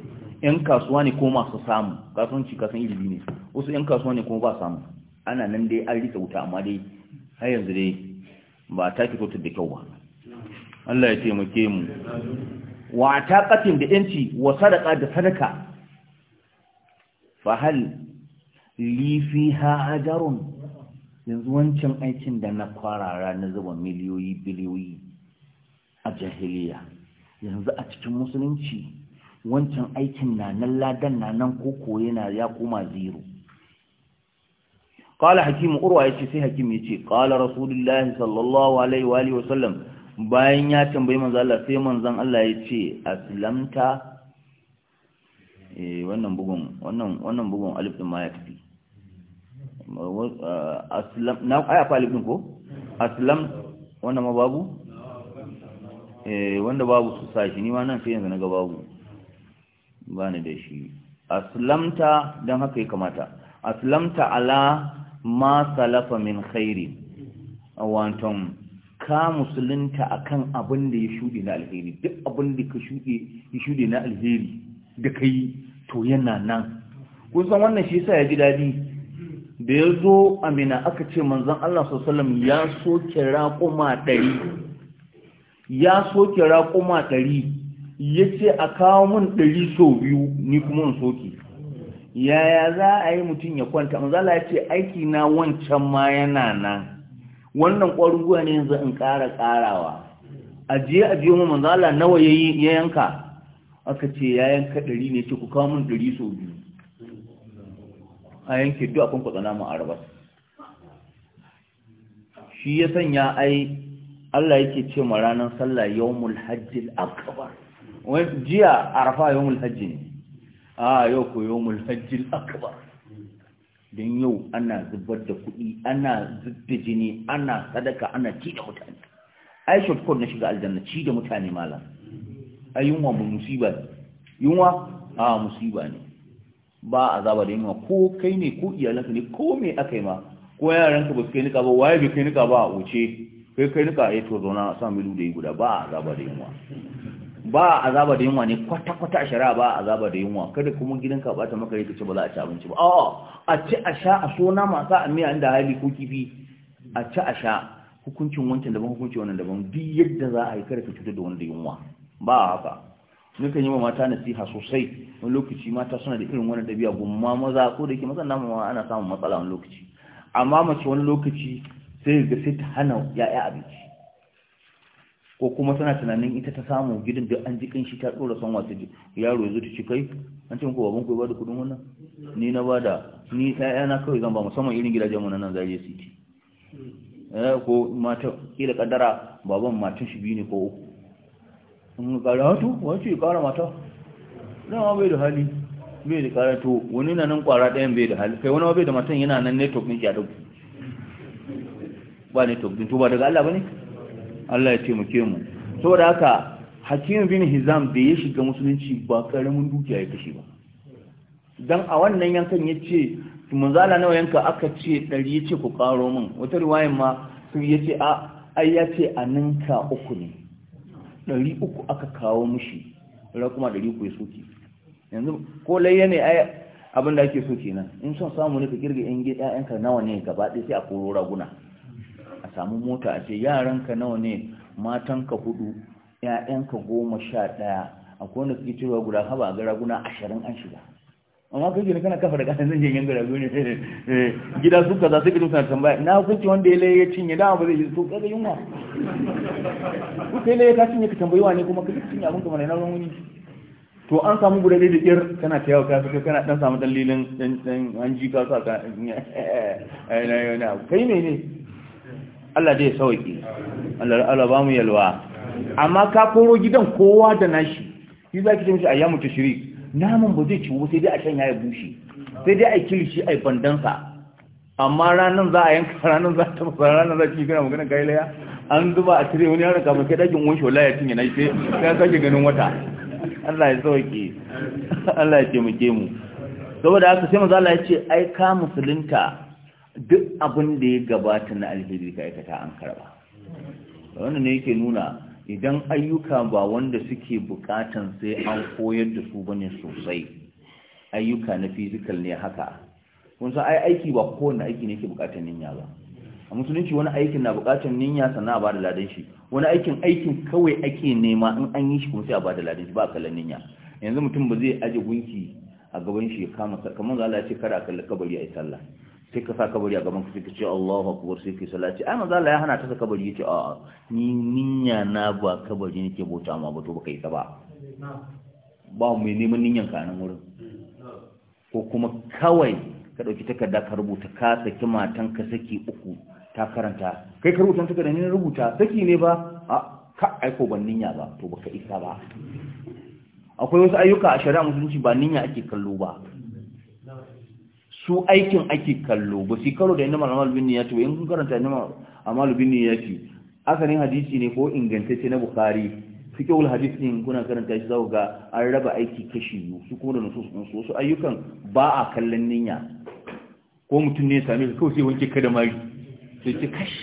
yan kasuwa ne ko masu samu kasuwanci kasan ilimi ne wasu yan kasuwa ne kuma ba samu ana nan dai an rike wuta amma dai har yanzu dai ba ta fito ta da kyau ba Allah ya taimake mu wa taqatin da yanci wa sadaqa da sadaka fa hal li fiha ajrun yanzu wancan aikin da na kwarara na zuba miliyoyi biliyoyi a jahiliya yanzu a cikin musulunci wancan aikin na nan ladan na nan koko yana ya koma zero qala hakim urwa yace sai hakim yace qala rasulullahi sallallahu alaihi wa alihi bayan ya tambayi manzo Allah sai manzon Allah yace aslamta eh wannan bugun wannan wannan bugun alif din ma ya aslam na aya fa alif din ko aslam wannan ma babu eh wanda babu su sashi ni ma nan sai yanzu naga babu dan haka ya kamata aslamta ala ma salafa min khairi wanton ka musulunta akan abin da ya shuɗe na alheri duk abin da ka shuɗe na alheri da ka yi to yana nan kun san wannan shi sa ya ji daɗi da ya zo amina aka ce manzon Allah sallallahu ya soke raƙuma ɗari ya soke raƙuma ɗari ya ce a kawo min ɗari sau biyu ni kuma in soke yaya za a yi mutum ya kwanta manzala ya ce aiki na wancan ma yana nan wannan ƙwarguwa ne yanzu in ƙara ƙarawa ajiye ajiye mu manzala nawa ya yanka aka ce ya yanka ɗari ne ce ku kawo min ɗari sau biyu a yanke duk akwai kwatsana mu arabas shi ya sanya ai Allah yake ce ma ranar sallah yawmul hajjil akbar jiya arafa yawmul hajji ne a yau ko yau hajjil akbar don yau ana zubar da kuɗi ana zubar jini ana sadaka ana ci da mutane ai shortcut na shiga aljanna ci da mutane mala ai yunwa mu musiba ne yunwa a musiba ne ba azaba da yunwa ko kai ne ko iyalanka ne ko me aka yi ma ko yaranka ba su kai nika ba waye bai kai nika ba a wuce kai kai nika ya eh, to zauna na sa milu da yi guda ba azaba da yunwa ba a azaba da yunwa ne kwata-kwata a shari'a ba a azaba da yunwa kada kuma gidan ka bata maka yake ce ba za a ci abinci ba a a ci a sha a so na masu a miya inda hali ko kifi a ci a sha hukuncin wancan daban hukuncin wannan daban duk yadda za a yi kada ka cutar da wani da yunwa ba a haka kan yi wa mata nasiha sosai wani lokaci mata suna da irin wani dabi'a gumma maza ko da ke matsan na mama ana samun matsala wani lokaci amma mace wani lokaci sai ga sai ta hana ya'ya abinci ko kuma tana tunanin ita ta samu gidan da an jikin shi ta tsora son wasu yaro ya zo ta ci kai an ce ko baban ku ba da kudin wannan ni na bada ni na kawai zan ba musamman irin gidajen mu nan su city eh ko mata kila kaddara baban matan shi biyu ne ko uku mun kara wato wace kara mata dan ma bai da hali bai da kara to wani na nan kwara ɗayan bai da hali kai wani ma bai da matan yana nan network ne ki a dauki ba network din to ba daga Allah bane Allah ya taimake mu saboda haka Hakim bin Hizam da ya shiga musulunci ba karamin dukiya ya kashe ba dan a wannan yankan yace manzala nawa yanka aka ce dari yace ku karo min wata riwayar ma sun yace a ai yace aninka uku ne dari uku aka kawo mishi ra kuma dari ku ya soki yanzu ko layya ne ai abin da ake so kenan in son samu ne ka kirga yan gida yanka nawa ne gaba ɗaya sai a koro raguna samu mota a ce yaranka nawa ne matanka hudu ‘ya'yanka goma sha ɗaya a kone suke cewa guda haba a gara guna ashirin an shiga amma kai gina kana kafa da kanan zan jenyen gara gune eh, gida su kaza su gina tambaya na hukunci wanda ya laye cinye dama ba zai yi so kaga yunwa ku yi laye ka cinye ka tambayi wa ne kuma ka cinye abin kamar yana ruwan wuni to an samu guda ɗaya da ƙir kana ta yawa ka kai kana ɗan samu ɗan lilin ɗan an ji kasa ka eh, eh, kai ne ne Allah zai sauki Allah Allah ba mu yalwa amma ka koro gidan kowa da nashi shi zaki ce mishi ayyamu tashrik naman ba zai ciwo sai dai a shanya ya bushe sai dai a kilishi a bandansa amma ranan za a yanka ranan za ta fara ranan za ki gina magana kai laya an zuba a tire wani yaron kamar kai dakin wani shola ya cinye na sai ka sake ganin wata Allah ya sauke Allah ya taimake mu saboda haka sai manzo Allah ya ce ai ka musulunta duk abin da ya gabata na alheri ka aikata an karba wannan ne yake nuna idan ayyuka ba wanda suke bukatan sai an koyar da su bane sosai ayyuka na fizikal ne haka kun san ai aiki ba wani aiki ne yake bukatan ninya ba a musulunci wani aikin na bukatan ninya sannan a bada ladan shi wani aikin aikin kawai ake nema in an yi shi kuma sai a bada ladan shi ba kallon ninya yanzu mutum ba zai aje gunki a gaban shi ya kama kamar Allah ya ce kada a kalli kabari a yi sallah sai ka sa kabari a gaban ka sai ka ce Allahu akbar sai ka salati ai manzo Allah ya hana ta kabari yace a a ni ninya na ba kabari nake bauta ma ba to baka yi ba ba mai neman ninyan ka nan wurin ko kuma kawai ka dauki takarda ka rubuta ka saki matan ka saki uku ta karanta kai ka rubuta takarda ne rubuta saki ne ba a ka aiko ban ninya ba to baka isa ba akwai wasu ayyuka a shari'a musulunci ba ninya ake kallo ba su aikin ake kallo ba su karo da inda malamal bin niyati ba in kun karanta inda malamal bin niyati asalin hadisi ne ko ingantacce na bukhari fiqhul hadisi ne, kuna karanta shi za ga an raba aiki kashi biyu su kuma da nusus din su ayyukan ba a kallon niyya ko mutum ne ya same ka kawai sai wanke ka da mari sai ce kash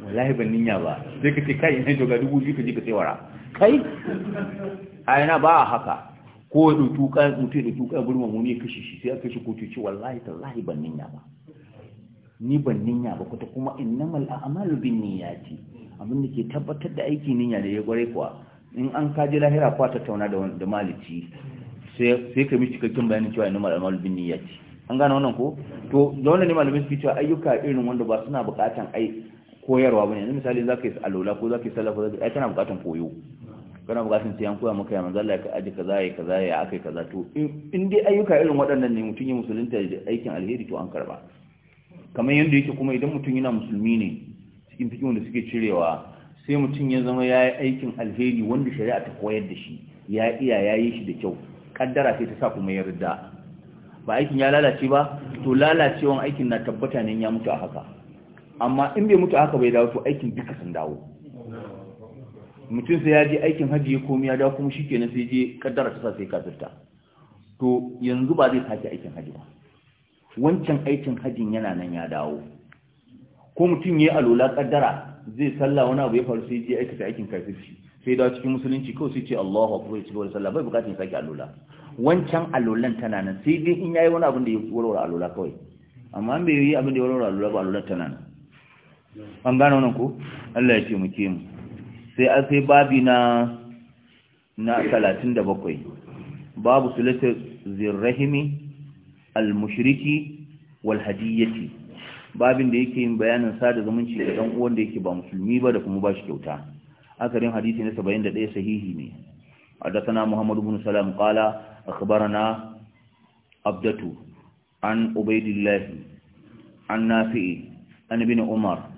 wallahi ban niyya ba sai ka ce kai ina to ga dubu biyu ka je ka sai wara kai a yana ba a haka ko da tuka mutu da ya ɗauki gurma mu ne kashi shi sai aka shi ko ce wallahi tallahi ban ninya ba ni ban ninya ba kwata kuma innamal a'malu bin niyyati abin da ke tabbatar da aiki ninya da ya gware kuwa in an kaji lahira ta tauna da da maliki sai sai ka mi cikakken bayanin cewa innamal a'malu bin niyyati an gane wannan ko to dole ne malamin su cewa ayyuka irin wanda ba suna bukatan ai koyarwa bane misali zaka yi alola ko zaka yi sallah ko zaka yi kana bukatan koyo kana bukatun sai an koya maka ya manzo Allah ka aji kaza ya a ya akai kaza to in dai ayyuka irin waɗannan ne mutun ya musulunta da aikin alheri to an karba kamar yanda yake kuma idan mutun yana musulmi ne cikin fikin da suke cirewa sai mutum ya zama yayi aikin alheri wanda shari'a ta koyar da shi ya iya yayi shi da kyau kaddara sai ta sa kuma ya rida ba aikin ya lalace ba to lalacewan aikin na tabbata ne ya mutu a haka amma in bai mutu a haka bai dawo to aikin duka sun dawo mutum sai ya je aikin hajji ya komi ya dawo kuma shi na sai je kaddara ta sa sai kafirta to yanzu ba zai sake aikin hajji ba wancan aikin hajjin yana nan ya dawo ko mutum ya yi alola kaddara zai sallah wani abu ya faru sai je aikata aikin kafirci sai dawo cikin musulunci kawai sai ce Allahu akbar ya ci gaba da sallah bai bukatun sake alola wancan alolan tana nan sai dai in yayi wani abin da ya warware alola kawai amma an bai yi abin da ya warware alola ba alolan tana nan an gane nan ko Allah ya ce mu ke mu sai a sai babi na na 37 babu sulata zirrahimi al-mushriki wal hadiyati babin da yake yin bayanin sada zumunci da dan uwan da yake ba musulmi ba da kuma ba shi kyauta akarin hadisi na 71 sahihi ne حدثنا muhammad ibn salam qala akhbarana abdatu an ubaydillah an nafi an ibn umar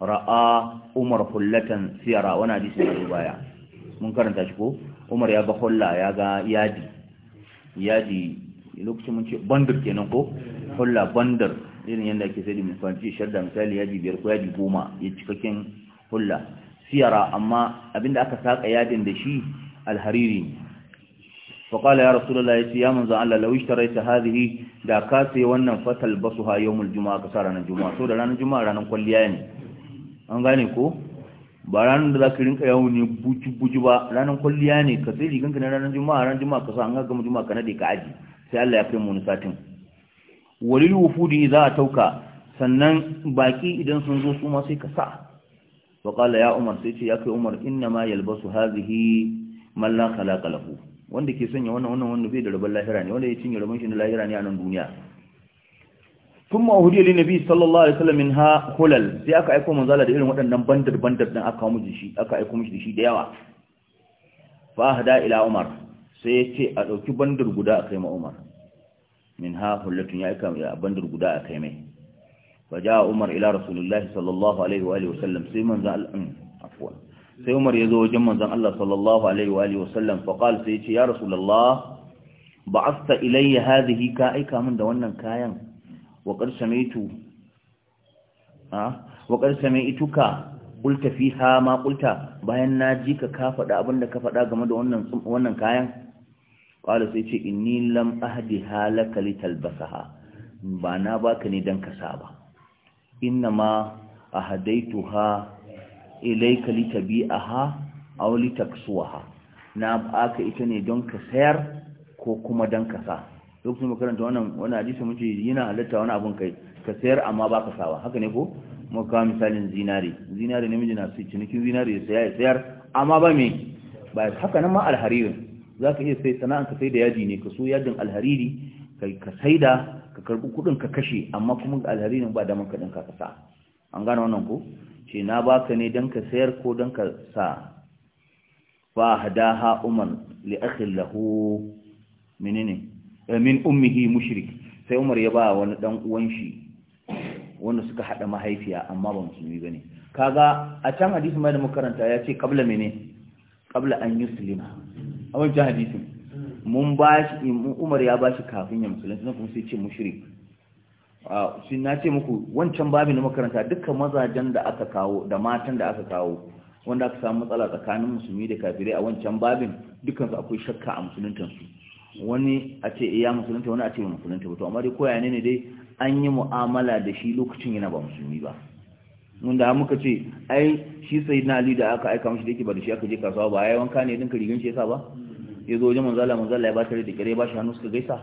ra'a umar hullatan siyara wani hadisi da baya mun karanta shi ko umar ya ga hulla ya ga yadi yadi lokacin mun ce bandar kenan ko hulla bandar irin yadda ake sai da misali shadda misali yadi biyar ko yadi goma ya cikakken hulla siyara amma abinda aka saka yadin da shi alhariri ne فقال يا رسول الله يا من زعل لو اشتريت هذه دا كاسي wannan fatal basuha yawmul juma'a kasara na juma'a so da ranar juma'a ranar kwalliya ne an gane ko ba ranar da za ka rinka yawon ne buci-buci ba ranar kwalliya ne ka sai ka na ranar juma'a ranar juma'a ka sa an gama juma'a ka nade ka aji sai Allah ya kai mu satin walil wufudi za a tauka sannan baki idan sun zo su ma sai ka sa wa qala ya umar sai ce ya kai umar inna ma yalbasu hadhihi man la khalaqa lahu wanda ke sanya wannan wannan wanda bai da rabon lahira ne wanda ya cinye rabon shi na lahira ne a nan duniya tun ma'ahudiyar linabi sallallahu alaihi wasallam min ha hulal sai aka aiko manzala da irin waɗannan bandar-bandar ɗin aka aiko muji da shi da yawa fahada ila umar sai ya ce a ɗauki bandar guda a kaima umar min ha hulatun ya aika bandar guda a kai mai fa ja umar ila rasulullahi sallallahu alaihi wa alihi wasallam sai manzan al'an afuwa. sai umar ya zo wajen manzan Allah sallallahu alaihi wa alihi wasallam fa qala sai ya ce ya rasulullah ba'asta ilayya hadhihi ka aika min da wannan kayan وقد سمعت وقد سمعتك قلت فيها bayan na ka ka faɗa abin da ka faɗa game da wannan kayan qala sai ce inni lam ahdi halaka litalbasaha ba na baka ne dan ka saba innama ha ilayka litabi'aha taksuwa ha, na baka ita ne don ka sayar ko kuma don ka sa lokacin makaranta wannan wani hadisi muke yana halatta wani abun kai ka sayar amma ba ka sawa haka ne ko muka kawo misalin zinare zinare namiji na su cinikin zinare ya saya ya sayar amma ba me ba haka nan ma alharirin za ka iya sai sana'an ka sai da yaji ne ka so yajin alhariri ka sai ka karbi kuɗin ka kashe amma kuma alharirin ba daman kaɗin ka kasa an gane wannan ko ce na baka ne dan ka sayar ko dan ka sa fa hadaha umar li akhi lahu menene Eh, min ummihi mushrik sai Umar ya ba wani dan uwan shi wanda suka hada mahaifiya amma ba musulmi bane kaga a can hadisi mai da makaranta ya ce kabla mene kabla an yuslima a wancan hadisi mun bashi Umar ya bashi kafin ya sai kuma sai ce mushrik Shin na ce muku wancan babin na makaranta dukkan mazajen da aka kawo da matan da aka kawo wanda aka samu matsala tsakanin musulmi da kafirai a wancan babin su akwai shakka a musuluntansu wani a ce iya eh, musulunta wani a ce musulunta ba to amma dai koya ne dai an yi mu'amala da shi lokacin yana ba musulmi ba mun da muka ce ai shi sai na ali da aka aika mashi da yake ba da shi aka je kasuwa ba ya wanka ne dinka rigan shi yasa ba ya zo wajen manzala manzala ya ba tare da kare ba shi hannu suka gaisa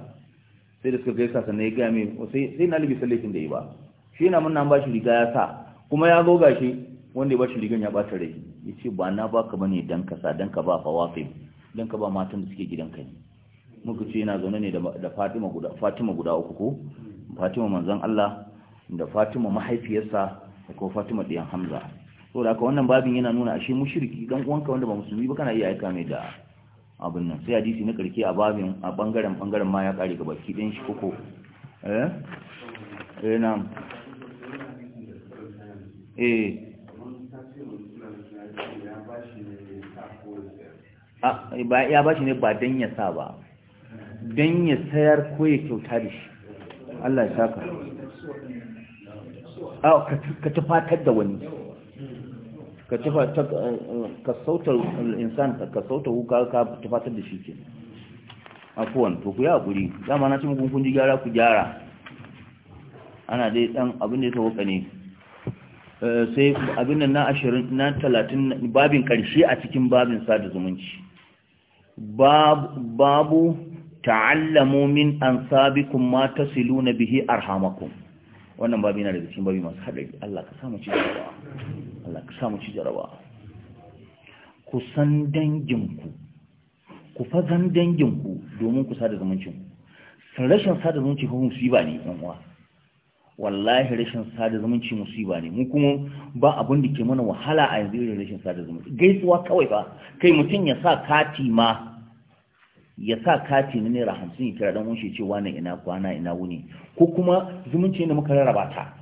sai da suka gaisa sannan ya gaya min. sai sai na ali bai sallafin da yi ba shi yana mun nan ba shi riga ya sa kuma ya zo shi wanda ya ba shi rigan ya ba tare rai ya ce ba na baka bane dan ka sa dan ka ba fawafin dan ka ba matan da suke gidanka ne muka ce yana zaune ne da fatima guda fatima guda uku ko fatima manzon Allah da fatima mahaifiyarsa da ko fatima ɗiyan hamza so da wannan babin yana nuna ashe mushriki dan uwanka wanda ba musulmi ba kana iya aika mai da abin nan sai hadisi na karke a babin a bangaren bangaren ma ya kare ga baki ɗin shi koko eh eh na eh ah, ya ba shi ne ba dan ya sa ba don ya sayar ko ya kyauta da shi Allah ya saka ka tufatar da wani ka tufatar ka sautar insan ka sautar huka ka tufatar da shi ke afuwan to ku yi Ya dama na ci mukun kunji gyara ku gyara ana dai ɗan abin da ya tawaka ne eh, sai abin da na ashirin na talatin babin ƙarshe a cikin babin sada zumunci babu ta'allamu min ansabikum ma tasiluna bihi arhamakum wannan babu yana daga cikin babu masu hadari Allah ka samu ci jaraba!" Allah ka samu ci jaraba!" ku san danginku ku fazan danginku domin ku sada zumuncin rashin sada zumunci ko musiba ne yan uwa wallahi rashin sada zumunci musiba ne mu kuma ba abin da ke mana wahala a yanzu rashin sada zumunci gaisuwa kawai ba kai mutum ya sa kati ma ya sa kati na naira hamsin ya kira don wunshi ce na ina kwana ina wuni ko kuma zumunci ne muka rarraba ta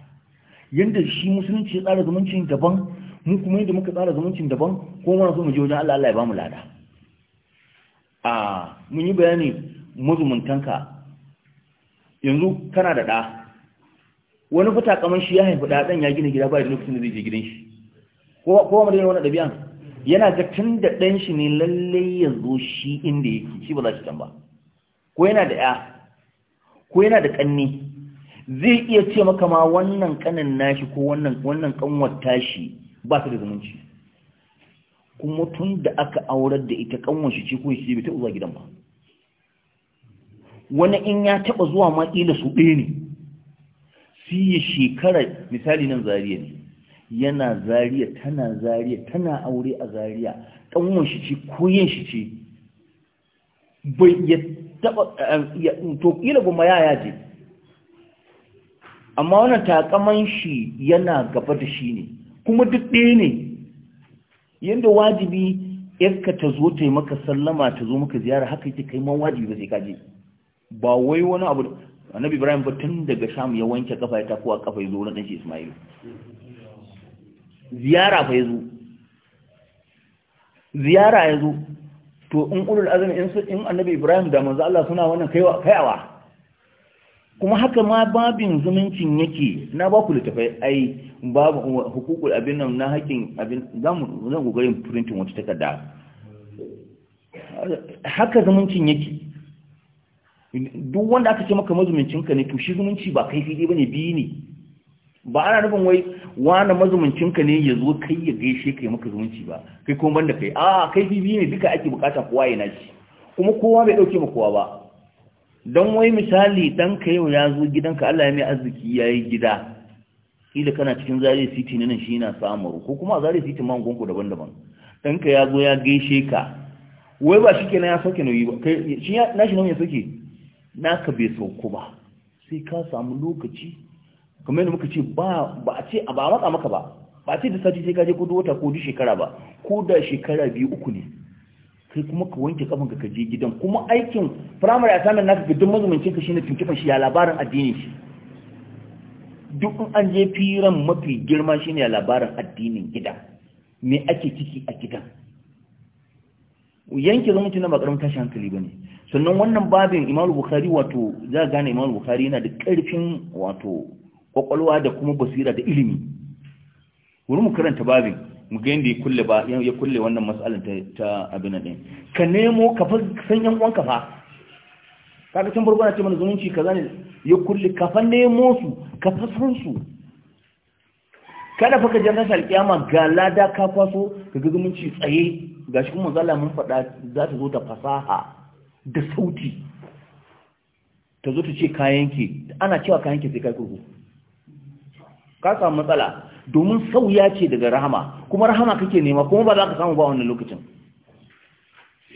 Yadda shi musulunci ya tsara zumuncin daban mu kuma yadda muka tsara zumuncin daban ko mana so mu je wajen Allah Allah ya bamu lada a mun yi bayani mazumuntanka yanzu kana da ɗa wani fita kamar shi ya haifi ɗa ɗan ya gina gida ba da lokacin da zai je gidan shi ko ko mu da wani ɗabi'an yana ga tun da ɗan ne lalle ya zo shi inda yake shi ba za shi can ba ko yana da ya ko yana da ƙanni zai iya ce maka ma wannan ƙanin nashi ko wannan ƙanwar tashi ba su da zumunci kuma tun da aka aurar da ita ƙanwar shi ce ko shi bai taɓa zuwa gidan ba wani in ya taɓa zuwa ma ƙila su ɗaya ne sai ya shekara misali nan zariya ne yana zariya tana zariya tana aure a zariya Ɗan shi ce koyin shi ce bai ya taɓa eh, to ƙila goma yaya je amma wannan takaman shi yana gaba da shi ne kuma duk ɗaya ne yadda wajibi yadda ta zo ta yi maka sallama ta zo maka ziyara haka yake kai ma wajibi ba sai kaje ba wai wani abu annabi ibrahim ba tun daga sham ya wanke kafa ya a kafa ya zo na ɗan shi ismail ziyara fa yazo ziyara yazo to in ulul azmi in in annabi ibrahim da manzo Allah suna wannan kaiwa kaiwa kuma haka ma babin zumuncin yake na ba ku litafai ai babu hukukul abin nan na hakkin abin zamu zan gogarin printing wata takarda haka zumuncin yake duk wanda aka ce maka mazumuncinka ne to shi zumunci ba kai fide bane biyi ne ba ana nufin wai wani mazumuncinka ne ya zo kai ya gaishe kai maka zumunci ba kai kuma banda kai a kai bibi ne duka ake bukata kowa ya naci kuma kowa bai dauke ba kowa ba don wai misali dan ka yau ya zo gidanka Allah ya mai arziki yayi gida kila kana cikin zare city ne nan shi yana samaru ko kuma a zare city man gonku daban-daban dan ka ya zo ya gaishe ka wai ba shi kenan ya soke nauyi ba kai shi nashi nauyi soke naka bai sauko ba sai ka samu lokaci kamar yadda muka ce ba a ce a matsa maka ba ba ce da sati sai ka je ko wata ko duk shekara ba ko da shekara biyu uku ne kai kuma ka wanke kafan ka je gidan kuma aikin firamare a samun naka gidan mazumuncin ka na tuntuban shi ya labarin addini shi duk an je firan mafi girma shi ya labarin addinin gida me ake ciki a gidan yanke zumunci na bakarar tashi hankali bane sannan wannan babin imamu bukari wato za gane imamu bukari yana da karfin wato kwakwalwa da kuma basira da ilimi wuri mu karanta babin mu ga yadda ya kulle ba ya kulle wannan matsalar ta abin din ka nemo ka fa san yan uwanka fa kaga can farko na ce mana zumunci ka zane ya kulle ka fa nemo su ka fa san su kada fa ka jan tashi ga lada ka kwaso ka ga zumunci tsaye shi kuma zalla mun faɗa za ta zo ta fasaha da sauti ta zo ta ce kayan ki ana cewa kayan ki sai kai kurkuku ka samu matsala domin sauya ce daga rahama kuma rahama kake nema kuma ba za ka samu ba wannan lokacin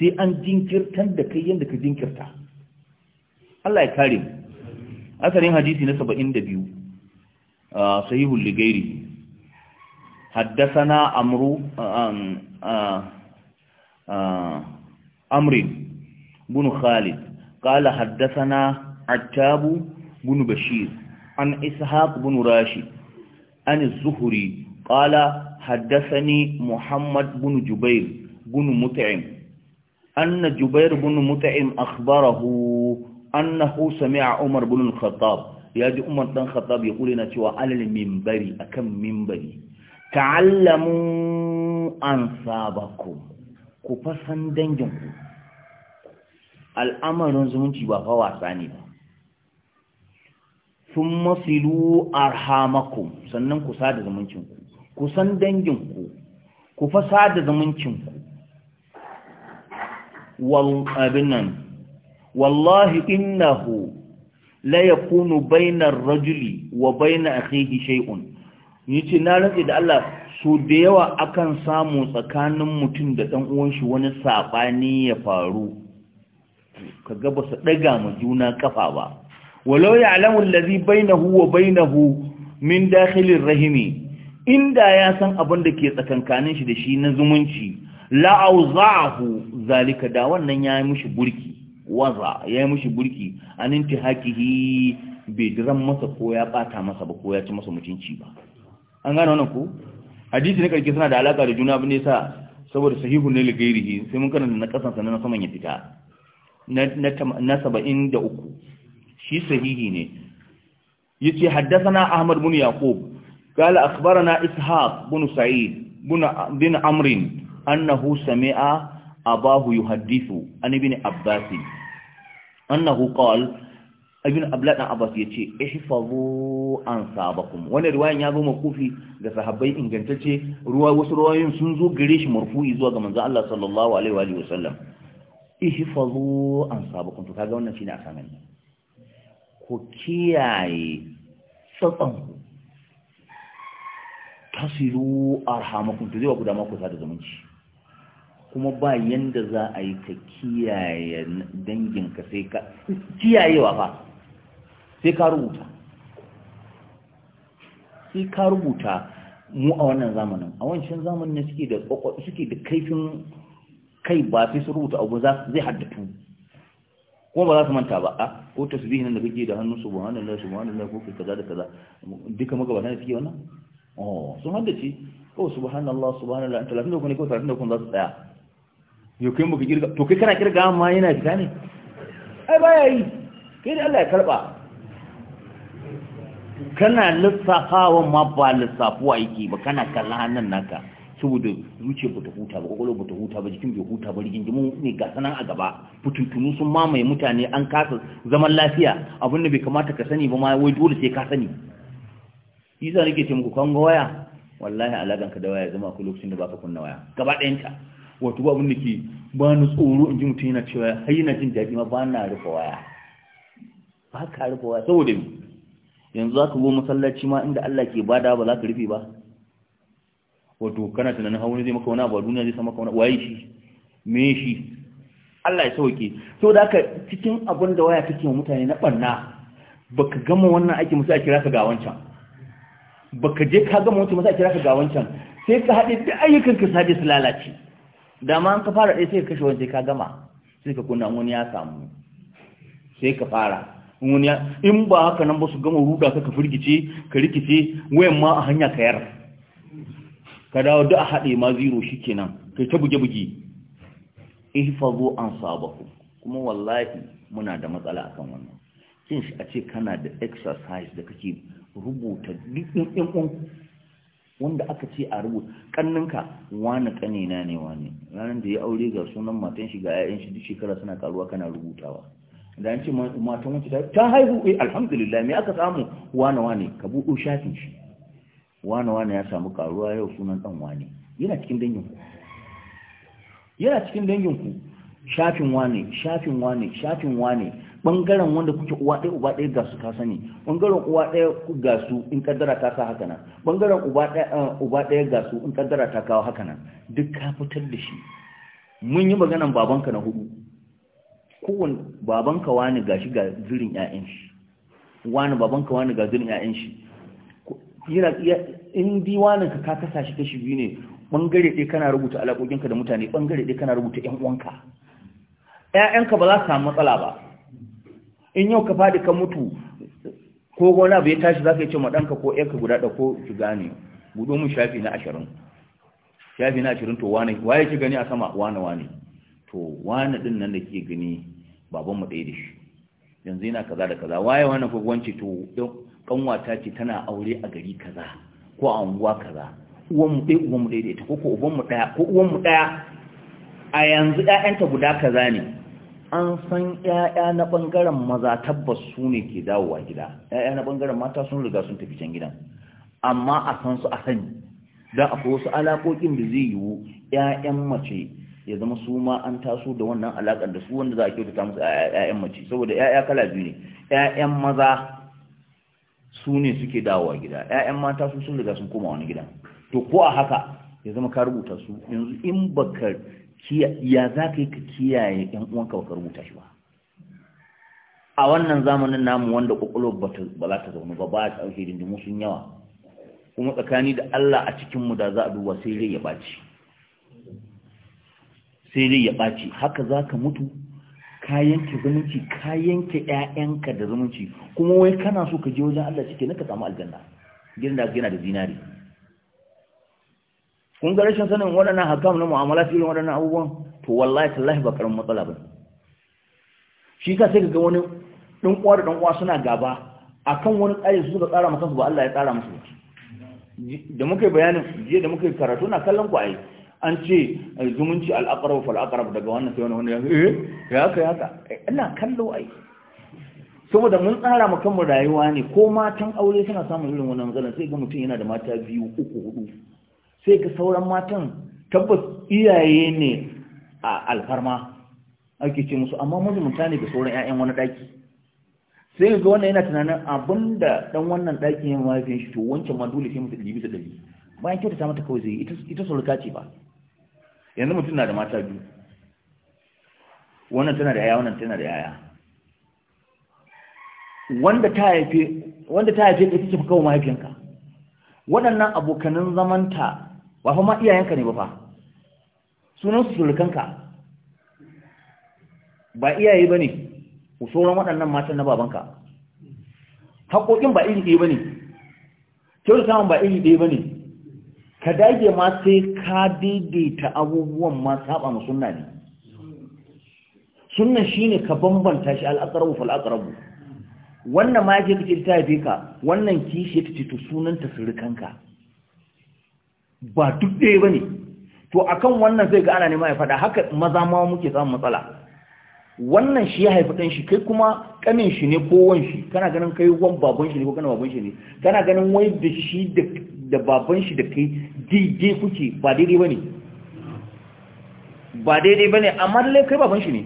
sai an jinkirtar da kai yadda ka jinkirta Allah ya kare mu asalin hadisi na 72 sahihul ligairi haddasana أمرو أمر Khalid خالد قال حدثنا عتاب بن bashir an ishaq بن rashid عن الزهري قال حدثني محمد بن جبير بن متعم أن جبير بن متعم أخبره أنه سمع عمر بن الخطاب يجي عمر بن الخطاب يقول لنا شوى على المنبري أكم منبري تعلموا أنصابكم كفصا دنجنكم al'amarin zumunci ba fa wasa ne ba sun masilu arhamakum sannan ku sada zumuncinku ku san danginku ku fa sada ku. wal abinan wallahi innahu la yakunu bainar rajuli wa bainar akhihi shay'un ce na rantsi da Allah su da yawa akan samu tsakanin mutum da ɗan uwanshi wani saɓani ya faru kaga ba su ɗaga ma juna kafa ba walau ya'lamu allazi bainahu wa hu min dakilin rahimi inda ya san abin da ke tsakankanin shi da shi na zumunci hu, zalika da wannan yayi mushi burki waza yayi mushi burki an intihakihi bai diran masa ko ya bata masa ba ko ya ci masa mutunci ba an gane wannan ko hadisi ne karke suna da alaka da juna abin yasa saboda sahihu ne ligairihi sai mun karanta na kasan sanan na saman ya fita na da uku. shi sahihi ne ya ce haddasana ahmad bin yaqub kala akhbarana ishaq bin sa'id bin amrin annahu sami'a abahu yuhaddithu an ibn abbas annahu qala ibn abdullah abbas ya ce ihfazu ansabakum wannan riwayan ya zo makufi ga sahabbai ingantacce ruwa wasu ruwayoyin sun zo gare shi marfu'i zuwa ga manzo Allah sallallahu alaihi wa sallam ihfazu ansabakum to kaga wannan shine a kamar ku kiyaye tsatsanku tasiru a rahamakun to zai wa ku dama sada zumunci kuma ba yanda za a yi ka kiyaye danginka sai ka kiyayewa fa sai ka rubuta sai ka rubuta mu a wannan zamanin a wancan zamanin suke da kaifin kai ba sai su rubuta abu za zai haddatu Kuma ba za su manta ba a ko tasbihin nan da kake da hannu subhanallah subhanallah ko kai kaza da kaza duka magabata ne suke wannan oh sun haddace ko subhanallah subhanallah 33 ne ko 33 za su tsaya yau kai muka kirga to kai kana kirga amma yana fita ne ai baya yi kai da Allah ya karba kana lissafawa ma ba lissafuwa yake ba kana kallon hannun naka saboda zuciyar bata huta ba kwakwalwar bata huta ba jikin bai huta ba rigingimu ne ga sanan a gaba fututunu sun mamaye mutane an kasa zaman lafiya abin da bai kamata ka sani ba ma wai dole sai ka sani isa nake ce muku kan waya wallahi alagan ka da waya zama ku lokacin da baka kunna waya gaba ɗayan ta wato ba abin da ke ba ni tsoro in ji mutum yana cewa har yana jin daɗi ma ba na rufe waya ba ka rufe waya saboda yanzu za ka zo masallaci ma inda Allah ke bada ba za ka rufe ba wato kana tunanin hawa zai maka wani abu a duniya zai sa maka wani waye shi me shi Allah ya sauke so da haka cikin abun da waya take wa mutane na banna baka gama wannan aiki musu a kira ka ga wancan baka je ka gama wancan musu a kira ka ga wancan sai ka hade duk ayyukan ka sai su lalace da ma an ka fara ɗaya sai ka kashe wancan ka gama sai ka kunna wani ya samu sai ka fara in ba haka nan ba su gama ruda ka ka firgice ka rikice wayan ma a hanya ka yar ka dawo duk a haɗe ma zero shi ke kenan kai ta buge-buge ihfazu an sabahu kuma wallahi muna da matsala akan wannan kin shi a ce kana da exercise da kake rubuta dukkan ɗin wanda aka ce a rubuta kanninka wani kanina ne wani ranar da ya aure ga sunan matan shi ga 'ya'yan shi duk shekara suna karuwa kana rubutawa da an ce matan wacce ta haihu eh alhamdulillah me aka samu wani wani ka buɗo shafin shi Wane wane ya samu karuwa yau sunan ɗan wane yana cikin danginku yana cikin danginku shafin wane shafin wane shafin wane bangaren wanda kuke uwa ɗaya uba ɗaya ga su ka sani bangaren uwa ɗaya ga su in kaddara ta sa haka nan bangaren uba ɗaya eh, ga su in kaddara ta kawo haka nan duk ka fitar da shi mun yi maganan babanka na hudu kowane babanka wani gashi ga zirin 'ya'yan shi wani babanka wani ga zirin 'ya'yan shi yana in diwanin ka ka kasa shi kashi biyu ne bangare ɗaya kana rubuta alaƙoƙinka da mutane bangare ɗaya kana rubuta ƴan uwanka ƴaƴanka ba za su samu matsala ba in yau ka faɗi ka mutu ko gona bai tashi za ka yi ce ma ɗanka ko ƴanka guda ɗaya ko ki gane buɗo mun shafi na ashirin shafi na ashirin to wane waye ki gani a sama wane wane to wane ɗin nan da ke gani babanmu ɗaya da shi yanzu yana kaza da kaza waye wani ko gwance to ƙanwata ce tana aure a gari kaza ko a unguwa kaza uwanmu ɗaya uwanmu ɗaya ko ko uwanmu ɗaya ko uwanmu ɗaya a yanzu ɗayanta guda kaza ne an san ƴaƴa na ɓangaren maza tabbas su ne ke dawowa gida ƴaƴa na ɓangaren mata sun riga sun tafi can gidan amma a san su a sani don akwai wasu alaƙoƙin da zai yiwu ƴaƴan mace ya zama su ma an taso da wannan alaƙar da su wanda za a kyautata musu ƴaƴan mace saboda ƴaƴa kala biyu ne ƴaƴan maza su ne suke dawowa gida 'ya'yan mata su sun riga sun koma wani gida. to ko a haka ya zama ka rubuta su yanzu in baka ya za ka yi ka kiyaye ƴan uwanka baka rubuta shi ba a wannan zamanin namu wanda kwakwalwar ba za ta zaune ba ba a ɗauke dindimu sun yawa kuma tsakani da Allah a cikin mu da za a duba sai rai ya ɓaci sai rai ya ɓaci haka za ka mutu ka yanke zumunci ka yanke ƴaƴanka da zumunci kuma wai kana so ka je wajen Allah cike na ka samu aljanna gidan da gina da zinari kun ga rashin sanin waɗannan hakam na mu'amala su irin waɗannan abubuwan to wallahi tallahi ba karamin matsala ba shi ka sai ga wani ɗan uwa da ɗan uwa suna gaba akan wani ƙari su suka tsara masa ba Allah ya tsara musu da muka yi bayanin jiya da muka yi karatu na kallon ku ai an ce zumunci al'akarau fal'akarau daga wannan sai wani ya eh ya ka ya ka ina kallo ai saboda mun tsara mu kanmu rayuwa ne ko matan aure suna samun irin wannan matsalar sai ga mutum yana da mata biyu uku hudu sai ga sauran matan tabbas iyaye ne a alfarma ake ce musu amma mazumunta ne ga sauran 'ya'yan wani daki sai ga wannan yana tunanin abinda dan wannan daki ya mahaifin shi to wancan ma dole sai mutum ɗari bisa ɗari bayan kyautata mata kawai zai ita suruka ce ba yanzu mutum na da mata biyu wannan tana da yaya wannan tana da yaya wanda ta haife wanda ta haife ita ce kawo mahaifiyanka waɗannan abokanin zamanta ba fa ma iyayenka ne ba fa sunan su surukanka ba iyaye ba ne sauran waɗannan matan na babanka haƙoƙin ba iri ɗaya ba ne Kyautatawan ba iri ɗaya ba ne ka dage ma sai ka daidaita abubuwan ma saba ma sunna ne sunna shine ka bambanta shi fa fal aqrabu wannan ma yake kace ta yafe ka wannan kishi ta tito sunan ta ka. ba duk ɗaya bane to akan wannan sai ga ana nema ya fada haka maza ma muke samun matsala wannan shi ya haifi ɗan shi kai kuma ƙanin shi ne ko wan shi kana ganin kai wan baban shi ne ko kana baban shi ne kana ganin wai da shi da da baban shi da kai daidai kuke ba daidai ba ne ba daidai ba ne amma da kai baban shi ne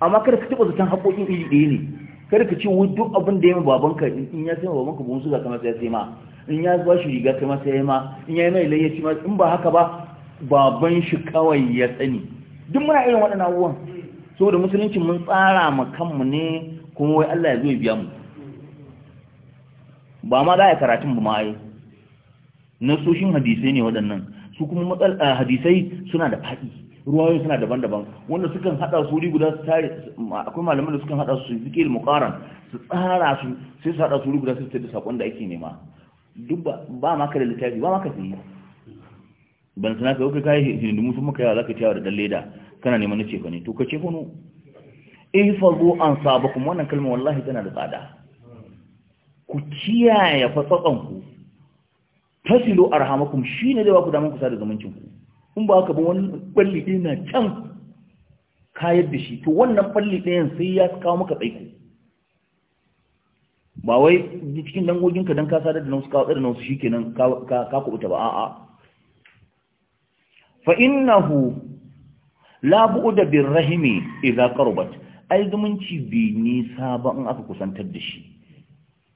amma kada ka taɓa zaton haƙoƙin iri ɗaya ne kada ka ce wai duk abin da ya ma babanka in ya sai ma babanka buhun ga kama sai ya sai ma in ya zuwa shi riga kama sai ya ma in ya yi mai layyaci ma in ba haka ba baban shi kawai ya tsani duk muna irin waɗannan abubuwan saboda musulunci mun tsara ma kanmu ne kuma wai Allah ya zo ya biya mu ba ma za a yi karatun ba ma yi nasoshin hadisai ne waɗannan su kuma matsal hadisai suna da faɗi ruwayoyi suna daban-daban wanda sukan haɗa su wuri guda su tare akwai malaman da sukan haɗa su zikir muqaran su tsara su sai su haɗa su wuri guda su tafi sakon da ake nema duk ba ba ma ka da littafi ba ma ka sayi ban sana ka kai kai hindumu sun maka yawa zaka tiyawa da dan leda kana neman na cefa ne to ka cefa no an ansabakum wannan kalma wallahi tana da tsada ku kiyaye fatsatsan ku tasilu arhamakum shine zai ba ku daman ku sada zumuncin ku in ba haka ba wani balli ɗaya na can kayar da shi to wannan balli ɗayan sai ya kawo maka tsaiko ba wai cikin dangoginka don ka sadar da nausu kawo watsar da nausu shi kenan ka kubuta ba a'a fa innahu la bu'da bir rahimi idza qarabat ai zumunci bi nisa ba in aka kusantar da shi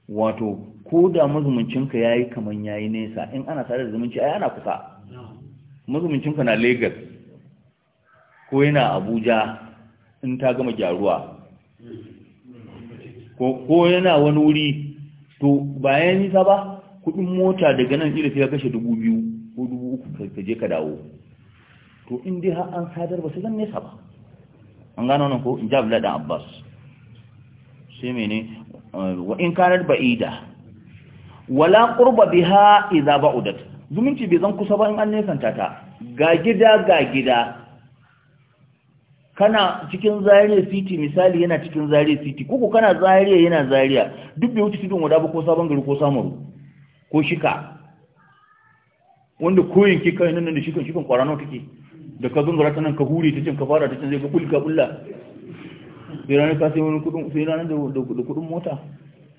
wato ko da mazumuncinka ya yi kaman ya yi nesa in ana tare da zumunci ai ana kusa mazumuncinka na lagos ko yana abuja in ta gama gyaruwa ko yana wani wuri to bayan nisa ba kudin mota daga nan ila sai ya kashe dubu biyu ko dubu uku ka je ka dawo to in dai har an sadar ba sai zan nesa ba an gano nan ko in jabla da abbas sai mene wa in kanat ba'ida wala qurba biha idza ba'udat zumunci bai zan kusa ba in an nesanta ta ga gida ga gida kana cikin zariya city misali yana cikin zariya city koko kana zariya yana zariya duk bai wuce cikin wada ba ko sabon gari ko samaru ko shika wanda koyin ki kai nan da shikan shikan kwarano kake da ka zungura ta nan ka hure ta cin ka fara ta cin zai ka kulka bulla sai ranar ka sai wani kudin sai ranar da kudin mota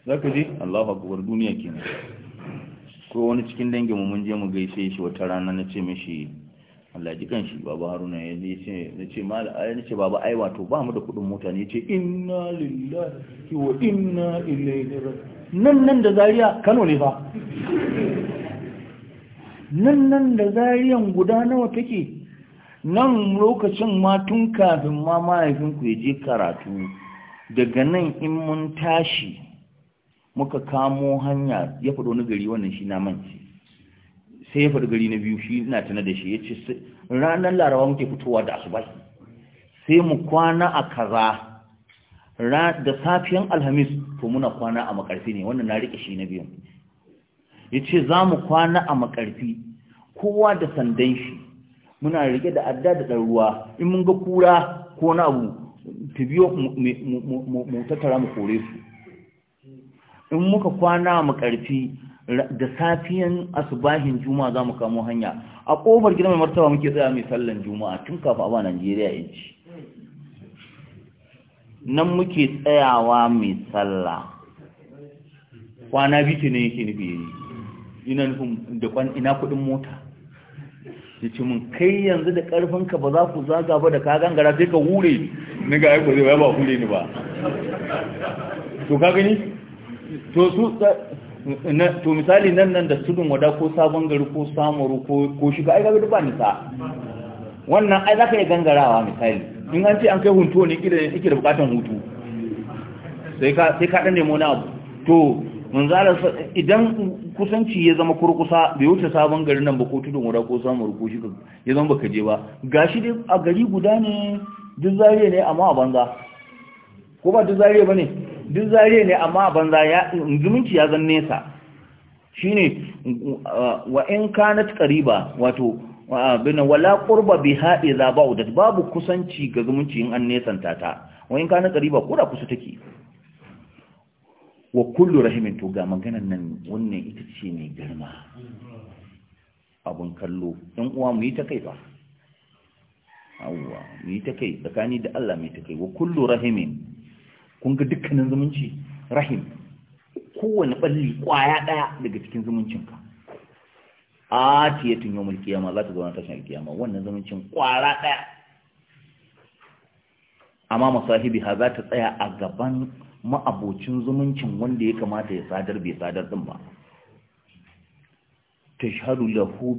za ka je Allahu akbar duniya kenan ko wani cikin dangin mu mun je mu gaishe shi wata rana na ce mishi Allah ji kan shi baba Haruna ya je ce na ce mala ai na ce baba ai wato ba mu da kudin mota ne ce inna lillahi wa inna ilaihi raji'un nan nan da zariya Kano ne fa nan nan da Zariyan guda nawa take nan lokacin ma tun kafin ma mahaifinku ya je karatu daga nan in mun tashi muka kamo hanya ya faɗo na gari wannan shi na manci sai ya faɗi gari na biyu shi na tana da shi ya ce ranar larawa muke fitowa da asuba sai mu kwana a kaza da safiyan alhamis to muna kwana a makarfi ne wannan na riƙe shi na biyun ya ce za mu kwana a makarfi kowa da sandan shi muna rike da adda da ɗan ruwa in mun ga kura ko na abu ta biyo mu tattara mu kore su in muka kwana mu karfi da safiyan asubahin juma'a za mu kamo hanya a ƙofar gidan mai martaba muke tsaya mai sallan juma'a tun kafa a ba najeriya ci. nan muke tsayawa mai salla kwana biyu ne yake nufi ina nufin da ina kuɗin mota ya ce mun kai yanzu da ƙarfinka ba za ku zaga ba da ka gangara sai ka hure ni ga aiko zai ba hure ni ba to ka gani to su to misali nan nan da sudun wada ko sabon gari ko samaru ko shiga ai ga ba nisa wannan ai zaka yi gangarawa misali in an ce an kai hunto ne kila yake da bukatan hutu sai ka ɗan nemo na abu to idan kusanci ya zama kurkusa bai wuce sabon garin nan ba ko tudun wada ko samun rukushi ya zama baka je ba Ga shi dai a gari guda ne duk zariya ne amma a banza ko ba duk zariya ba ne duk zariya ne amma a banza zumunci ya zan nesa shi ne wa in kanat kariba wato bin wala qurba biha za ba'udat babu kusanci ga zumunci in an nesanta ta wa in kanat kariba ko da kusa take wa kullu rahimin to ga maganan nan wannan ita ce mai girma abun kallo ɗan uwa mu yi ta kai ba awwa mu yi ta kai tsakani da Allah mu yi ta kai wa kullu rahimin kun ga dukkanin zumunci rahim kowane balli kwaya daya daga cikin zumuncin ka. zumuncinka atiyatun mulki yamma za ta zo na tashin kiyama wannan zumuncin kwara daya amma masahibi ha za ta tsaya a gaban ma'abocin zumuncin wanda ya kamata ya sadar bai sadar din ba tashhadu lahu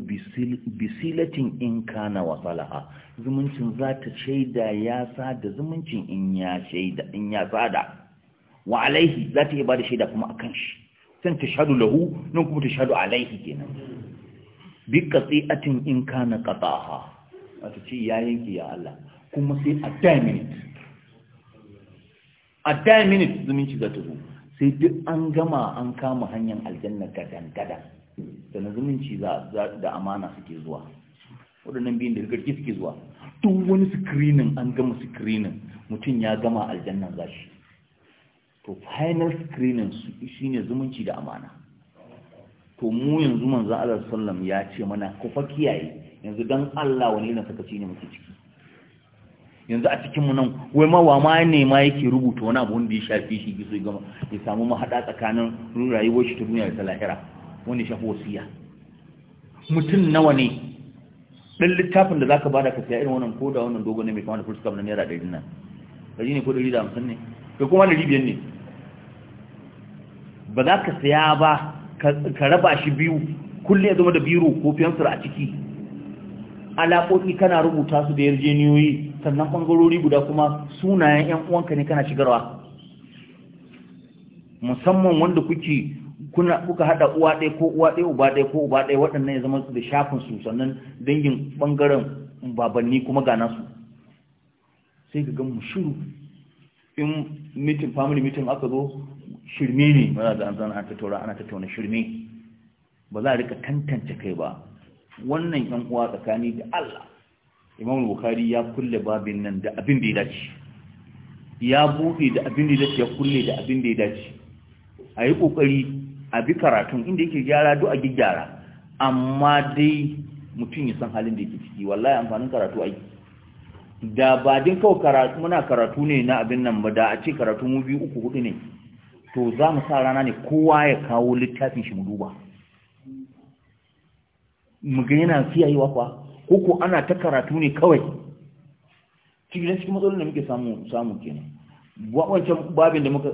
bisilatin in kana wa salaha zumuncin za ta shaida ya sada zumuncin in ya shaida in ya sada wa alaihi za ta iya shaida kuma akan shi san tashhadu lahu nan kuma tashhadu alaihi kenan bi qati'atin in kana qataha wato ce ya yanke ya Allah kuma sai a 10 minutes a da minute zumunci za tuhu zo sai duk an gama an kama hanyar aljanna gadan gadan da na zumunci da amana suke zuwa waɗannan biyun da rigarki suke zuwa duk wani screening an gama screening mutum ya gama aljannan zashi to final screening shine zumunci da amana to mu yanzu manzo Allah sallam ya ce mana ku fa kiyaye yanzu dan Allah wani irin sakaci ne muke ciki yanzu a cikin mu nan wai ma wa ma ne ma yake rubuta wani abu wanda ya shafi shi gizo gama ya samu mahaɗa tsakanin rayuwar shi ta duniya da ta lahira wani shafi wasiya mutum nawa ne dan littafin da zaka bada ka saya irin wannan ko da wannan dogon ne mai kama da fursuka na naira ɗari nan ɗari ne ko ɗari da hamsin ne ka kuma ɗari biyar ne ba za ka saya ba ka raba shi biyu kulle ya zama da biro ko fensir a ciki alaƙoƙi kana rubuta su da yarjeniyoyi sannan ɓangarori guda kuma sunayen 'yan uwanka ne kana shigarwa musamman wanda kuke kuna kuka hada uwa ɗaya ko uwa ɗaya uba ɗaya ko uba ɗaya waɗannan ya zama da shafin su sannan dangin ɓangaren babanni kuma ga nasu sai ka ga mu shiru in mitin family mitin aka zo shirme ne ba za a zana ana taura ana tattauna shirme ba za a rika tantance kai ba wannan yan uwa tsakani da Allah imam bukhari ya kulle babin nan da abin da ya dace ya buɗe da abin da ya dace ya kulle da abin da ya dace a yi ƙoƙari a bi karatun inda yake gyara duk a gyara amma dai mutum ya san halin da yake ciki wallahi amfanin karatu ai da ba din kawai karatu muna karatu ne na abin nan ba da a ce karatu mu biyu uku hudu ne to za mu sa rana ne kowa ya kawo littafin shi mu duba mu ga yana kiyayewa kuwa Koko ana ta karatu ne kawai cikin cikin matsalolin da muke samu samu kenan wancan babin da muka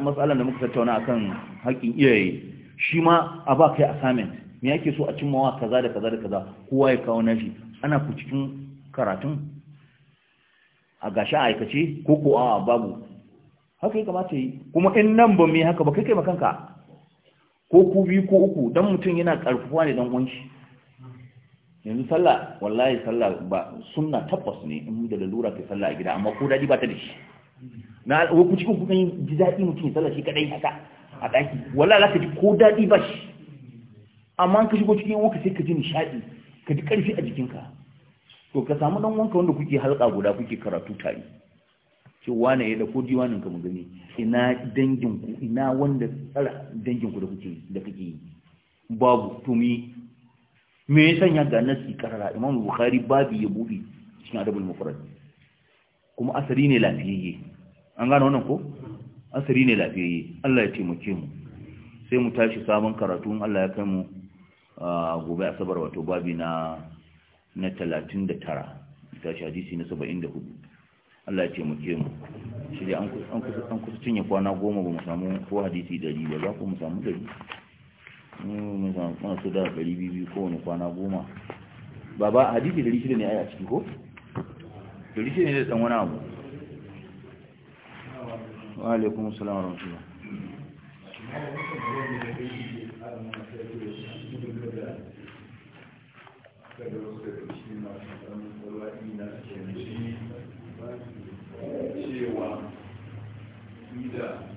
matsalan da muka tattauna akan haƙƙin iyaye shi ma a ba kai assignment me yake so a cimmawa kaza da kaza da kaza kowa ya kawo nashi ana ku cikin karatun a gashi a aikace ko ko a babu haka ya kamata yi kuma in nan ba mu yi haka ba kai kai makanka ko ku biyu ko uku dan mutum yana karfuwa ne dan wanci yanzu sallah wallahi sallah ba sunna tabbas ne in da lalura ke sallah a gida amma ko daɗi ba ta da shi na ku cikin ku kan ji daɗi mutum sallah shi kadai haka a daki wallahi zaka ji ko daɗi ba shi amma ka shigo cikin wanka sai ka ji nishaɗi ka ji ƙarfi a jikinka to ka samu dan wanka wanda kuke halka guda kuke karatu tare ce wane ya dauko diwanin ka mu gani ina dangin ku ina wanda tsara dangin ku da kuke da kuke babu to me ya sanya ga nasi karara imam bukhari babu ya buɗe cikin adabul mufrad kuma asari ne lafiyayye an gane wannan ko asari ne lafiyayye Allah ya taimake mu sai mu tashi sabon karatu in Allah ya kai mu gobe asabar wato babi na na 39 tashi hadisi na 74 Allah ya taimake mu shi an kusa an kusa cinye kwana goma ba mu samu ko hadisi dari ba za ku mu samu dari masu da ɗari ko kowane kwana goma ba ba hadisi da shida ne a ciki ko? ɗari shida ne da ɗan wani abu wa alaikun salamun rahmatullah Yeah.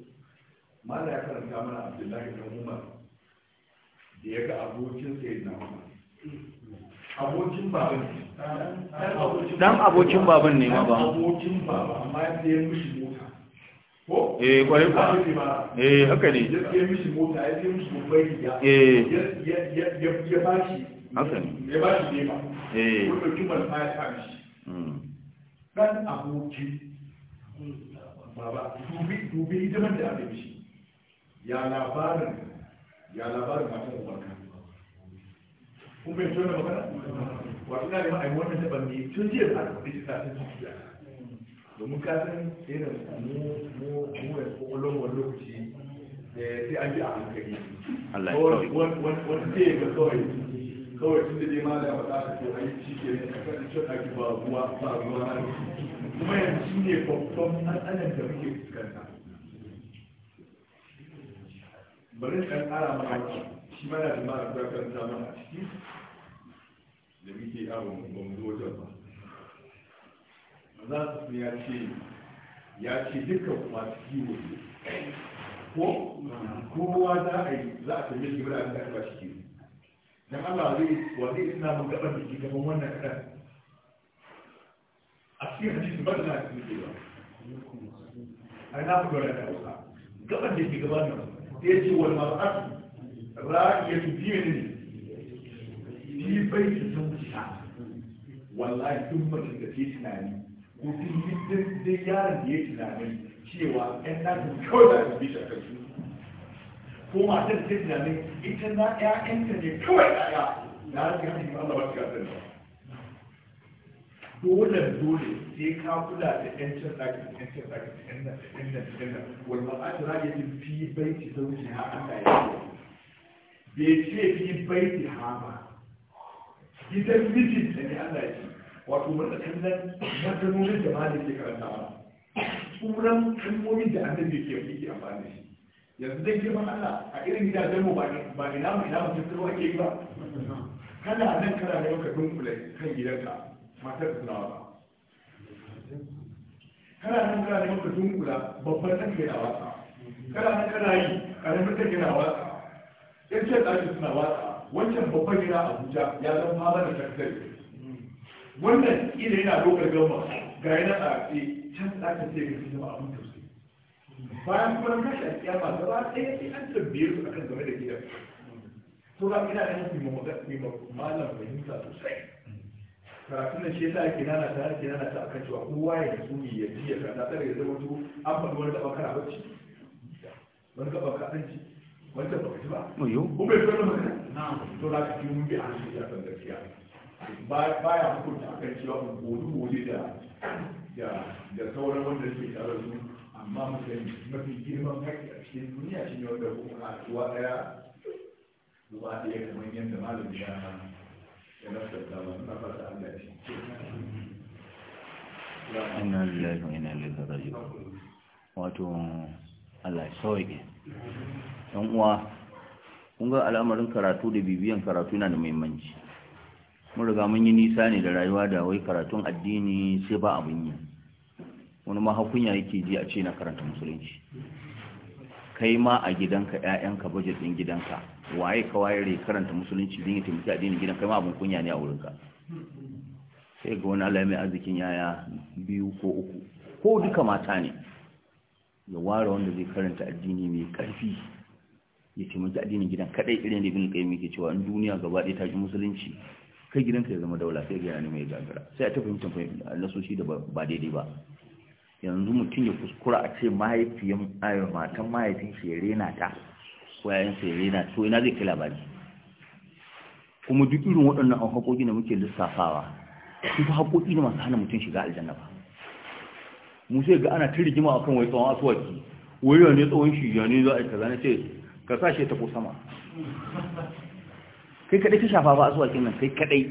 mala ya karanta mana abdullahi da umar da ya ga abokin sai na umar abokin baban ne dan abokin baban ne ma ba abokin baba amma ya sai mishi mota ko eh kwarin ba eh haka ne ya sai mishi mota ya sai mishi babban ya eh ya ya ya ba shi haka ne ya ba shi ne ba eh ko kin ba ya sa shi hmm. dan abokin baba dubi dubi hidimar da abin shi ya labarin ya labarin matan umarka kun bai tona magana wato ina neman ayi wannan taɓa ne tun jiya da aka kuɗi ta tun jiya domin ka san irin mu mu mu da kokolon wani lokaci eh, sai an ji a hankali kawai wani zai ga kawai kawai tun da dai ma da ba za ka ce ai shi ke a kan cin aki ba ruwa ba ruwa kuma yanzu ne babban matsalar da muke fuskanta bari ɗan ƙara mana shi mana da ma a karanta mana a da muke abin ba mu zo ba za su ya ce ya ce dukkan masu kiwo ko kowa za a yi za a tambaye shi bada da aka shi kiwo dan Allah zai wa ina mun gaban da ke gaban wannan kadan a cikin hadisi ba da na cikin ba ai na fi gwada da hausa gaban da ke gaban nan ya ce wal mar'atu ra'iyatu dinin fi baiti zawjiha wallahi duk mutum da ke tunani ko duk duk yaron da ya tunani cewa ɗan nasu kawai da su bi ta su ko matar ta tunani ita na ƴaƴanta ne kawai ɗaya na rasa yanzu Allah ba su gasar ba dole dole sai ka kula da yancin ɗakin yancin ɗakin yancin ɗakin yancin a wal ya ra'ayin fi baiti zauji ha Allah ya ce bai ce fi baiti ha ba gidan mijin da ne Allah ya ce wato kan nan matsalolin da ma da ke karanta ba tsoron kalmomin da annabi ke yi amfani shi yanzu zai girman Allah a irin gidajen mu ba ina mu ina mu tattaro ake yi ba kana nan kana da yau ka dunkule kan gidanka matar da nawa ba kana nan kana neman ka dunkula babban ɗan ke na watsa kana nan kana yi karamin take na watsa yan ce ɗaki suna watsa wancan babban yana abuja ya zama ma da sakatare wannan ina yana dokar gama ga yana a ce can ɗakin sai ga zama abin tausayi bayan kuma na tashi a ba gaba ɗaya sai an tambaye su akan game da gidan to ga ina da yin mafi malam fahimta sosai karatun da shi yasa ake nana ta ake nana ta akan cewa kowa ya su ya ji ya karanta tsare da zama to an faɗi wani taɓa kana bacci wani taɓa ka ci wani taɓa ka ci ba ko bai fara maka to za ka ji mun bi an shi ya san gaskiya ya hukunta akan cewa godu godu da da sauran wanda suke tare su amma sani mafi girman haƙƙi a cikin duniya shi ne wanda kuma a tuwa ɗaya zuwa yi kamar yadda malam ya wato Allah ya uwa kun al'amarin karatu da bibiyan karatu yana da muhimmanci mun riga mun yi nisa ne da rayuwa da wai karatun addini sai ba abin yi wani ma hakunya yake ji a ce na karanta musulunci kai ma a gidanka 'ya'yanka budget ɗin gidanka waye ka waye karanta musulunci din ya taimaki addinin gidan kai ma abun kunya ne a wurin ka? sai ga wani alamai mai arzikin yaya biyu ko uku ko duka mata ne ya ware wanda zai karanta addini mai karfi ya taimaki addinin gidan kadai irin da bin kai muke cewa in duniya gaba ɗaya ta ji musulunci kai gidan ka ya zama daula sai ga yana mai gagara sai a ta A nasoshi da ba daidai ba yanzu mutum ya kuskura a ce mahaifiyan matan mahaifin shi ya rena ta ko yayansa ya rena to ina zai kai labari kuma duk irin waɗannan an haƙoƙi da muke lissafawa su fi haƙoƙi ne masu hana mutum shiga aljanna ba mu sai ga ana ta rigima akan wai tsawon asuwaki wai ne tsawon shi ya ne za a yi kaza na ce ka sa shi ta ko sama kai kaɗai ka shafa ba asuwakin nan kai kaɗai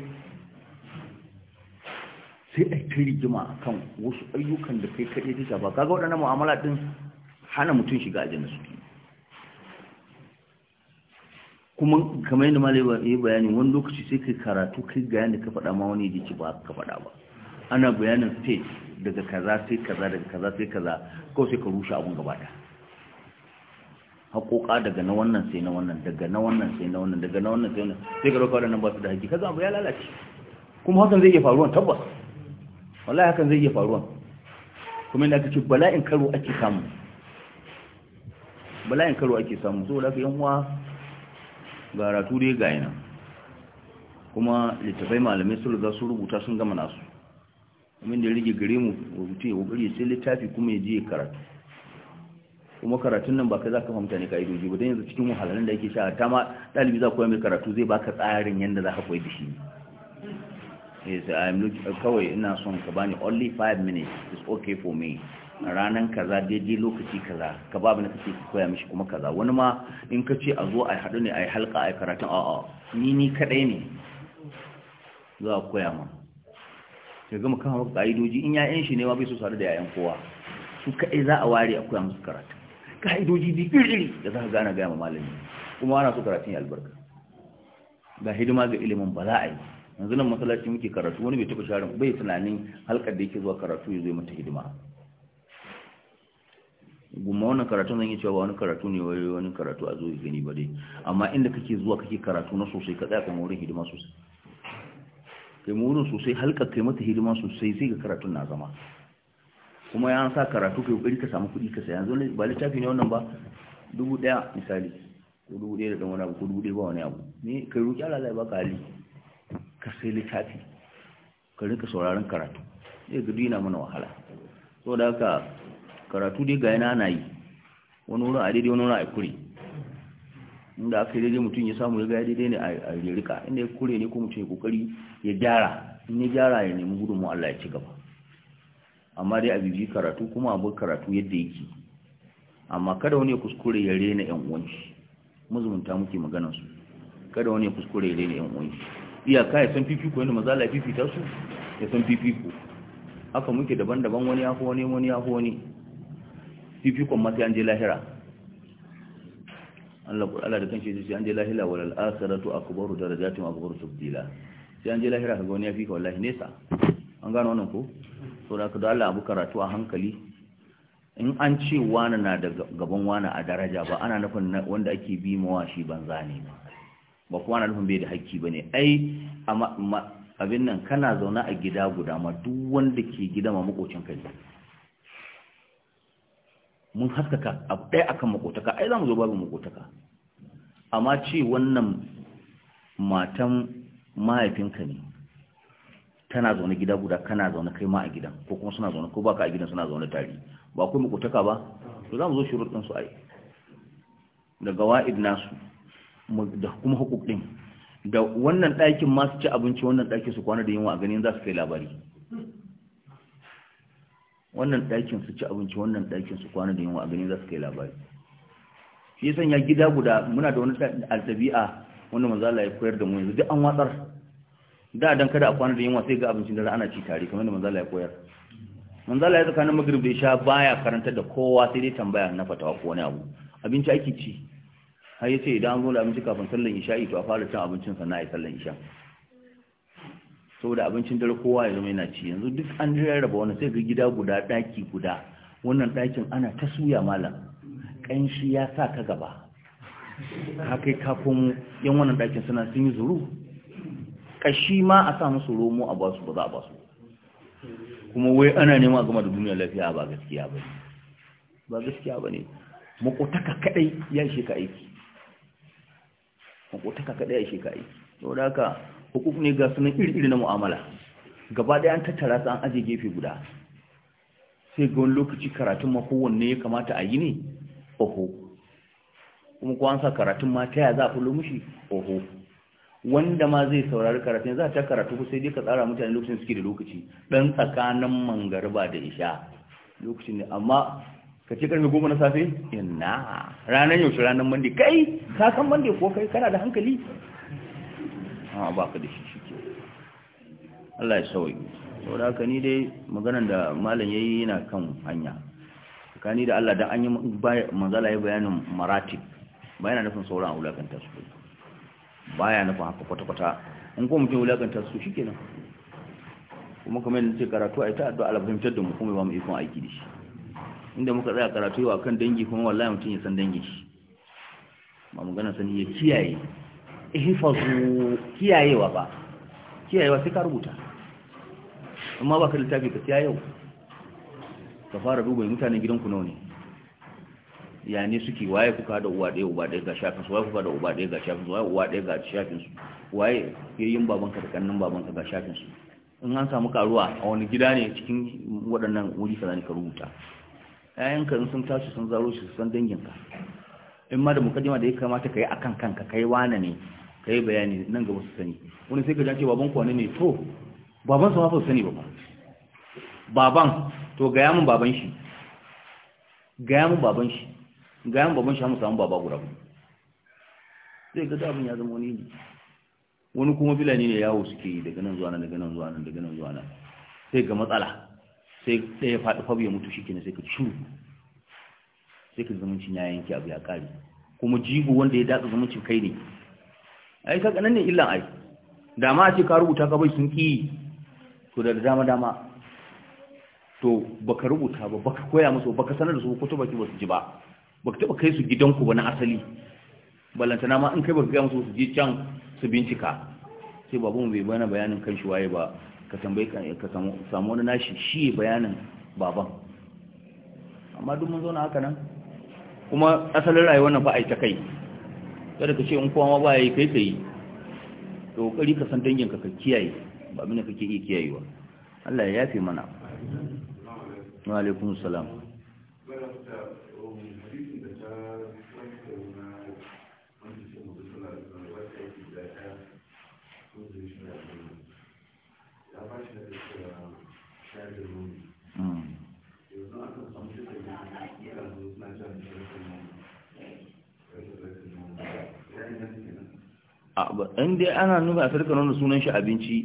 sai a ta rigima akan wasu ayyukan da kai kaɗai ta shafa kaga waɗannan mu'amala ɗin hana mutum shiga aljanna su kuma kamar yadda malai ba yi bayani wani lokaci sai kai karatu kai ga yadda ka faɗa ma wani ya ce ba ka faɗa ba ana bayanin stage daga kaza sai kaza daga kaza sai kaza kawai sai ka rushe abun gaba ta haƙoƙa daga na wannan sai na wannan daga na wannan sai na wannan daga na wannan sai na sai ka ɗauka nan ba su da haƙi kaza abu ya lalace kuma hakan zai iya faruwa tabbas wallahi hakan zai iya faruwa kuma inda aka ce bala'in karo ake samu bala'in karo ake samu saboda haka yan uwa garatu dai ga yana kuma littafai malamai su za su rubuta sun gama nasu amin da ya rige gare mu rubuta ya kokari sai littafi kuma ya je karatu kuma karatun nan ba kai za ka fahimta ne ka'idoji ba don yanzu cikin wahalalun da ake sha ta ma ɗalibi za koya mai karatu zai baka tsarin yadda za ka koyi da shi ne eh, kawai ina son ka bani only five minutes is okay for me ranan kaza daidai lokaci kaza ka ba mu kace ki koya mishi kuma kaza wani ma in ka ce a zo a haɗu ne a yi halka a yi karatun a'a ni ni kaɗai ne za a koya ma ya gama kan haka ƙa'idoji in ya yan shi ne ma bai so sadu da ya'yan kowa su kaɗai za a ware a koya musu karatu ƙa'idoji bi iri da za ka gane gaya ma malami kuma ana so karatun ya albarka ga hidima ga ilimin ba za a yi yanzu nan masallaci muke karatu wani bai taɓa sharin bai tunanin halkar da yake zuwa karatu ya zo mata hidima gumma wannan karatu zan yi cewa wani karatu ne wai wani karatu a zo gani ba dai amma inda kake zuwa kake karatu na sosai ka tsaya ka wurin hidima sosai kai mu wurin sosai halka kai mata hidima sosai sai ga karatun na zama kuma ya sa karatu kai kokari ka samu kuɗi ka saya yanzu ba littafi ne wannan ba dubu ɗaya misali ko dubu ɗaya da ɗan wani abu ko dubu ɗaya ba wani abu ne kai roƙi Allah zai baka hali ka sai littafi ka rinka sauraron karatu sai ga dina mana wahala saboda haka karatu dai ga yana yi wani wurin a daidai wani wurin a kure inda aka yi daidai mutum ya samu gaya daidai ne a rika inda ya kure ne ko mutum ya kokari ya gyara in ya gyara ya nemi gudunmu Allah ya ci gaba amma dai a bibi karatu kuma abu karatu yadda yake amma kada wani ya kuskure ya rena yan uwanci mazumunta muke maganar su kada wani ya kuskure ya rena yan uwanci iyaka ya san fifiko yadda maza la fifita su ya san fifiko haka muke daban-daban wani ya wani wani ya wani fifikon masu an je lahira Allah da kan shi sai an je lahira wal akubaru akbaru darajatin akbaru subdila sai an je lahira ka ga wani ya fika wallahi nesa an gano wannan ko so da ka da Allah abu karatu a hankali in an ce wani na da gaban wani a daraja ba ana nufin wanda ake bi mawa shi banza ne ba ba kuma ana nufin bai da hakki ba ne ai abin nan kana zaune a gida guda ma duk wanda ke gida ma makocin kai. mun haskaka abu ɗaya akan makotaka ai za mu zo babu makotaka amma ce wannan matan mahaifinka ne tana zaune gida guda kana zaune kai ma a gidan ko kuma suna zaune ko baka a gidan suna zaune tari. ba akwai makotaka ba to za mu zo shirin ɗinsu ai daga wa'id nasu da kuma hukuk ɗin da wannan ɗakin masu ci abinci wannan ɗakin su kwana da yin a ganin za su kai labari wannan ɗakin su ci abinci wannan ɗakin su kwana da yunwa a gani za su kai labari shi yasan ya gida guda muna da wani altabi'a wanda Manzala ya koyar da mu yanzu duk an watsar da dan kada a kwana da yunwa sai ga abincin da ana ci tare kamar da Manzala ya koyar Manzala ya tsakanin magrib da sha baya karanta da kowa sai dai tambaya na fatawa ko wani abu abinci ake ci har yace idan an zo da abinci kafin sallan isha'i to a fara cin abincin sannan yi sallan isha'i saboda abincin dare kowa ya zama yana ci yanzu duk an rarraba wannan sai ga gida guda daki guda wannan dakin ana ta suya malam kanshi ya sa ka gaba haka kafin yan wannan dakin suna sun yi zuru kashi ma a sa musu romo a basu ba za a basu kuma wai ana nema a gama da duniya lafiya ba gaskiya ba ba gaskiya ba ne makotaka kadai ya shi ka aiki makotaka kadai ya shi ka aiki saboda haka hukuk ne ga sunan iri-iri na mu'amala gaba ɗaya an tattara su an aje gefe guda sai ga wani lokaci karatun ma kowanne ya kamata a yi ne oho kuma kuwa an sa karatun ma ta ya za a fulo mushi oho wanda ma zai saurari karatun za ta karatu ko sai dai ka tsara mutane lokacin suke da lokaci dan tsakanin mangarba da isha lokacin ne amma ka ce karfe goma na safe ina ranar yaushe ranar mande kai ka san mande ko kai kana da hankali ba ka da shi shike Allah ya sauyi da haka ni dai maganar da malam yayi yana kan hanya kani da Allah dan an yi manzala ya bayanin maratib bayana nufin sauran ulakanta su baya nufin haka kwata-kwata in ko mutum ulakanta su shikenan kuma kuma yadda ce karatu a ita addu'a Allah fahimtar da mu kuma ba mu ikon aiki da shi inda muka tsaya karatu yau kan dangi kuma wallahi mutum ya san dangin shi ba mu gana sani ya kiyaye ihifazu kiyayewa ba kiyayewa sai ka rubuta amma ba ka littafi ka siya yau ka fara duba mutanen gidanku nawa ne ya ne suke waye kuka da uwa ɗaya uba ɗaya ga shafin su waye kuka da uba ɗaya ga shafin su waye uwa ɗaya ga shafin su waye yayin babanka da kannin babanka ga shafin su in an samu karuwa a wani gida ne cikin waɗannan wuri kaza ne ka rubuta ƴaƴanka in sun tashi sun zaro shi sun danginka in ma da mukaddima da ya kamata ka yi akan kanka kai wane ne ka yi bayani nan gaba su sani wani sai ka jance baban kwane ne to baban sama su sani ba baban to gaya yamin baban shi gaya yamin baban shi gaya yamin baban shi hamu samun baba guda zai ga abin ya zama wani ne wani kuma filani ne yawo suke yi daga nan zuwa nan daga nan zuwa nan daga nan zuwa nan sai ga matsala sai ɗaya faɗi fabi ya mutu shi kenan sai ka shuru sai ka zamancin ya ki abu ya ƙare kuma jigo wanda ya datsa zamancin kai ne ai ka nan ne illan ai da ma a ce ka rubuta ka bai sun ki to da dama dama to baka rubuta ba baka koya musu baka sanar da su ko to baki ba su ji ba baka taba kai su gidanku ba na asali na ma in kai baka ga musu su je can su bincika sai mu bai bana bayanin kan shi waye ba ka tambayi ka samu wani nashi shi bayanin baban amma duk mun zauna haka nan kuma asalin rayuwar nan fa ai ta kai kada ka ce in kowa ba ya yi kai ka yi to kari ka san dangin ka ka kiyaye ba abin ka kake iya kiyayewa Allah ya yafe mana wa alaikum salam in dai ana nuna a sarkar nuna sunan shi abinci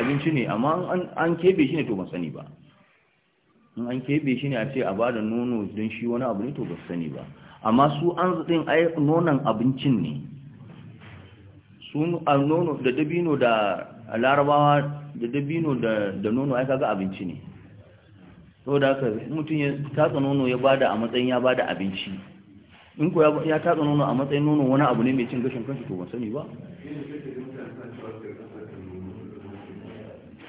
abinci ne amma an kebe shi ne to ba sani ba in an kebe shi ne a ce a ba da nono don shi wani abu ne to ba sani ba amma su an zaɗin a nonon abincin ne su nono da dabino da larabawa da dabino da nono aika kaga abinci ne da aka mutum ya tatsa nono ya bada a matsayin ya bada abinci in ko ya tatsa nono a matsayin nono wani abu ne mai cin gashin kanshi to ban sani ba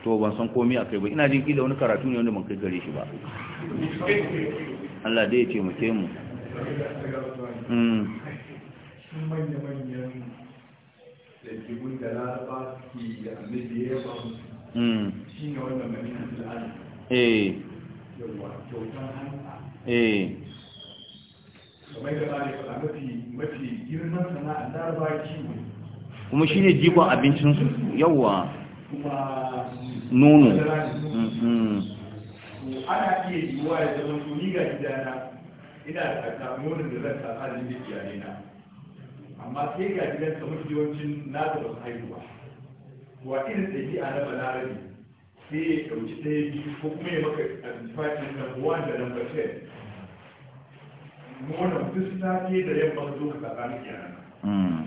to ban san komai a kai ba ina jin kila wani karatu ne wanda ban kai gare shi ba Allah dai ya ce mu hmm. mu hmm. eh eh kamar da bari faɗa mafi mafi girman sana'a laraba kiwo kuma shi ne jikon abincinsu yawwa nono mm, mm. ana iya yiwuwa ya zama ni ga gidana ina da tsaka nonon da zan tsaka da inda iyalai na amma sai ga gidan kamar yawancin na da wasu haihuwa wa irin a na balarabe sai ya ɗauki ɗaya biyu ko kuma ya maka a na nan wanda nan ba mona duk sati da yamma ka zo ka saka ni kenan hmm.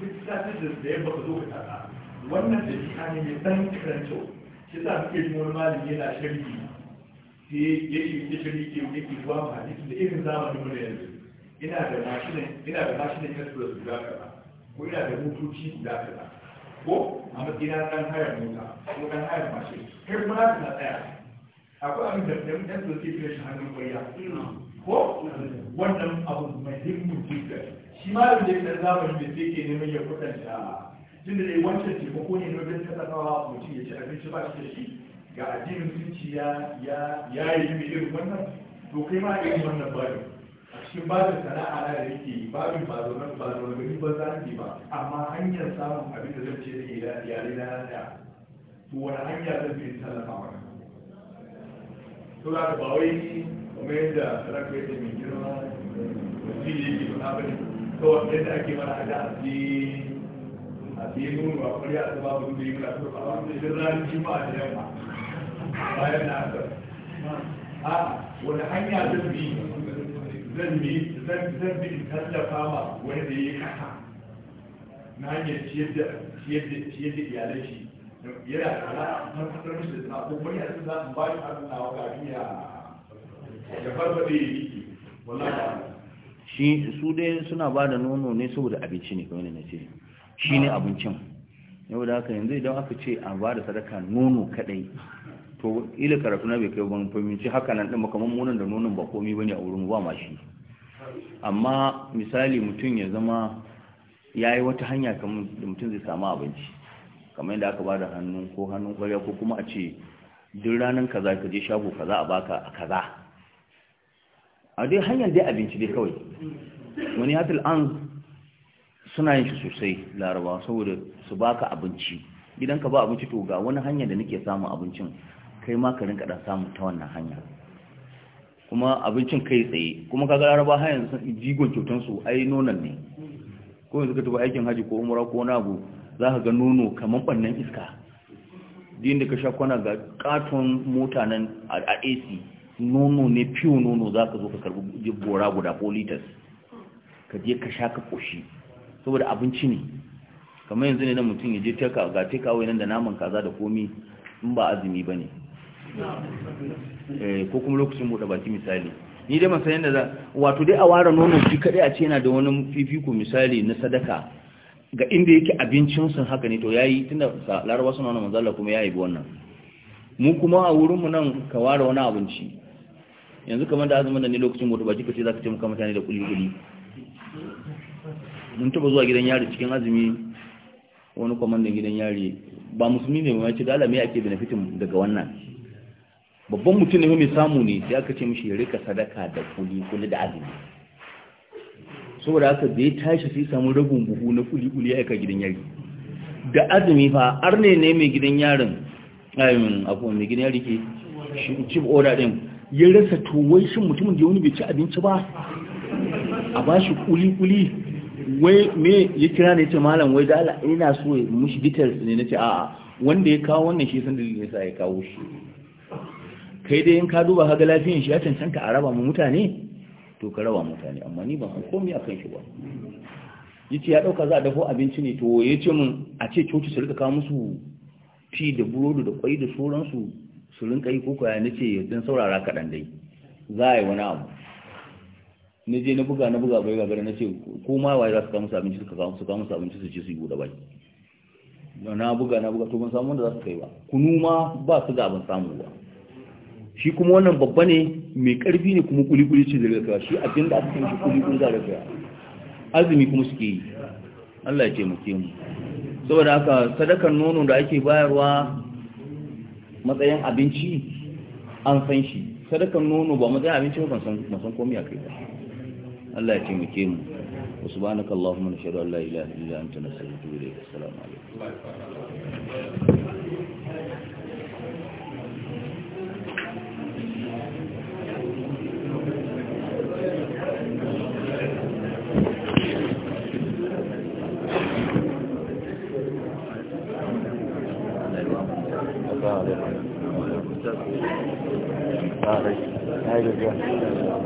duk sati da yamma ka zo ka saka wannan da jiha ne mai dan karanto shi sa muke jin wani malami yana sharhi sai ya yi ya sharhi ke yake zuwa ma hadisi da irin zamanin mu da yanzu ina da mashinan ina da mashinan express guda kaza ko ina da motoci guda kaza ko a matsayina ɗan hayar mota ko ɗan hayar mashin kai kuma na tsaya akwai abin da ɗan ɗan ke fiye shi hannun kwaya hmm. ko wannan abu muhimmin cikin shi ma da ya zamani da sai ke neman ya kwatanta tun da dai wancan taimako ne na wajen tattakawa mutum ya ci abinci ba shi da shi ga addinin mutunci ya yi mai irin wannan to kai ma irin wannan bari a cikin babin sana'a na da yake babin ba zo nan ba zo gani ba za ba amma hanyar samun abin da zan ce da iyalai na da to wani hanya zan bi tallafa wa to za ka ba wai kuma yadda yadda mai girma wasili yake faɗa ba ne kawai yadda ake mana a da a a fiye nuna a kwarya a zama abin da ya a wani da da yamma bayan na asar a wani hanya zan bi zan bi zan bi tallafa ma wani da ya yi kasa na hanyar ciyar da ciyar da iyalai shi yana da ala an fasar mishi da suna ko wani a za su ba shi na wa shi su dai suna ba da nono ne saboda abinci ne kawai na ce shi ne abincin yau da haka yanzu idan aka ce a ba da sadaka nono kadai to ila karatu na bai kai ban fahimci haka nan ɗin makamman munan da nonon ba komai bane a wurin ba ma shi amma misali mutum ya zama ya yi wata hanya kamar da mutum zai samu abinci kamar yadda aka ba da hannun ko hannun kwarya ko kuma a ce duk ranar kaza ka je shago kaza a baka a kaza a dai hanyar dai abinci dai kawai wani hatil an suna yin shi sosai laraba saboda su baka abinci idan ka ba abinci to ga wani hanyar da nake samun abincin kai ma ka rinka samu ta wannan hanya kuma abincin kai tsaye kuma kaga laraba har yanzu jigon kyautan su ai nonon ne ko yanzu ka tafi aikin haji ko umra ko wani abu za ka ga nono kamar bannan iska din da ka sha kwana ga katon mota nan a AC nono ne fiyo nono za ka zo ka karbi gora guda ko litas ka je ka sha ka koshi saboda abinci ne kamar yanzu ne na mutum ya je teka ga teka nan da naman kaza da komi in ba azumi ba ne eh, ko kuma lokacin buɗe baki misali ni dai masan yadda za wato dai a ware nono shi kaɗai a ce yana da wani fifiko misali na sadaka ga inda yake abincinsu haka ne to tun da larabar suna wani manzala kuma ya yi wannan mu kuma a wurinmu nan ka ware wani abinci yanzu kamar da azumin da ne lokacin mutu ba kika ce zaka ce muka mutane da kuli kuli mun taba zuwa gidan yari cikin azumi wani kwamandan gidan yari ba musulmi ne mai ce dala alame ake benefitin daga wannan babban mutum ne mai samu ne sai aka ce mishi ya rika sadaka da kuli kuli da azumi saboda haka da ya tashi sai samu ragun buhu na kuli kuli ya aika gidan yari da azumi fa arne ne mai gidan yarin ayyun akwai mai gidan yari ke chip order din ya rasa towai shi mutumin da wani bai ci abinci ba a ba shi kuli-kuli wai me ya kira ne ce malam wai da ina so ya mushi bitar ne na ce a'a wanda ya kawo wannan shi sun dalilin sa ya kawo shi kai dai in ka duba haga lafiyan shi ya cancanta a raba mu mutane to ka raba mutane amma ni ban san komai akan shi ba yace ya ɗauka za a dafo abinci ne to ce mun a ce coci su rika kawo musu fi da burodi da kwai da sauransu su rinka yi koko ya nace dan saurara kaɗan dai za a yi wani abu na je na buga na buga bai gari na ce ko ma waye za su kama sabinci su kama su kama sabinci su ce su yi buɗe bai na buga na buga to ban samu wanda za su kai ba kunu ma ba su da ban samu ba shi kuma wannan babba ne mai karfi ne kuma kulikuli ce zai kaiwa shi abin da aka kai kulikuli za da kaiwa azumi kuma suke yi Allah ya ce mu saboda haka sadakar nono da ake bayarwa matsayin abinci an san shi sadakan nono ba matsayin abinci ba ban san komai a kai ba Allah ya taimake mu wa subhanaka allahumma nashhadu an la ilaha illa anta nastaghfiruka wa natubu ilayk assalamu alaikum Obrigado.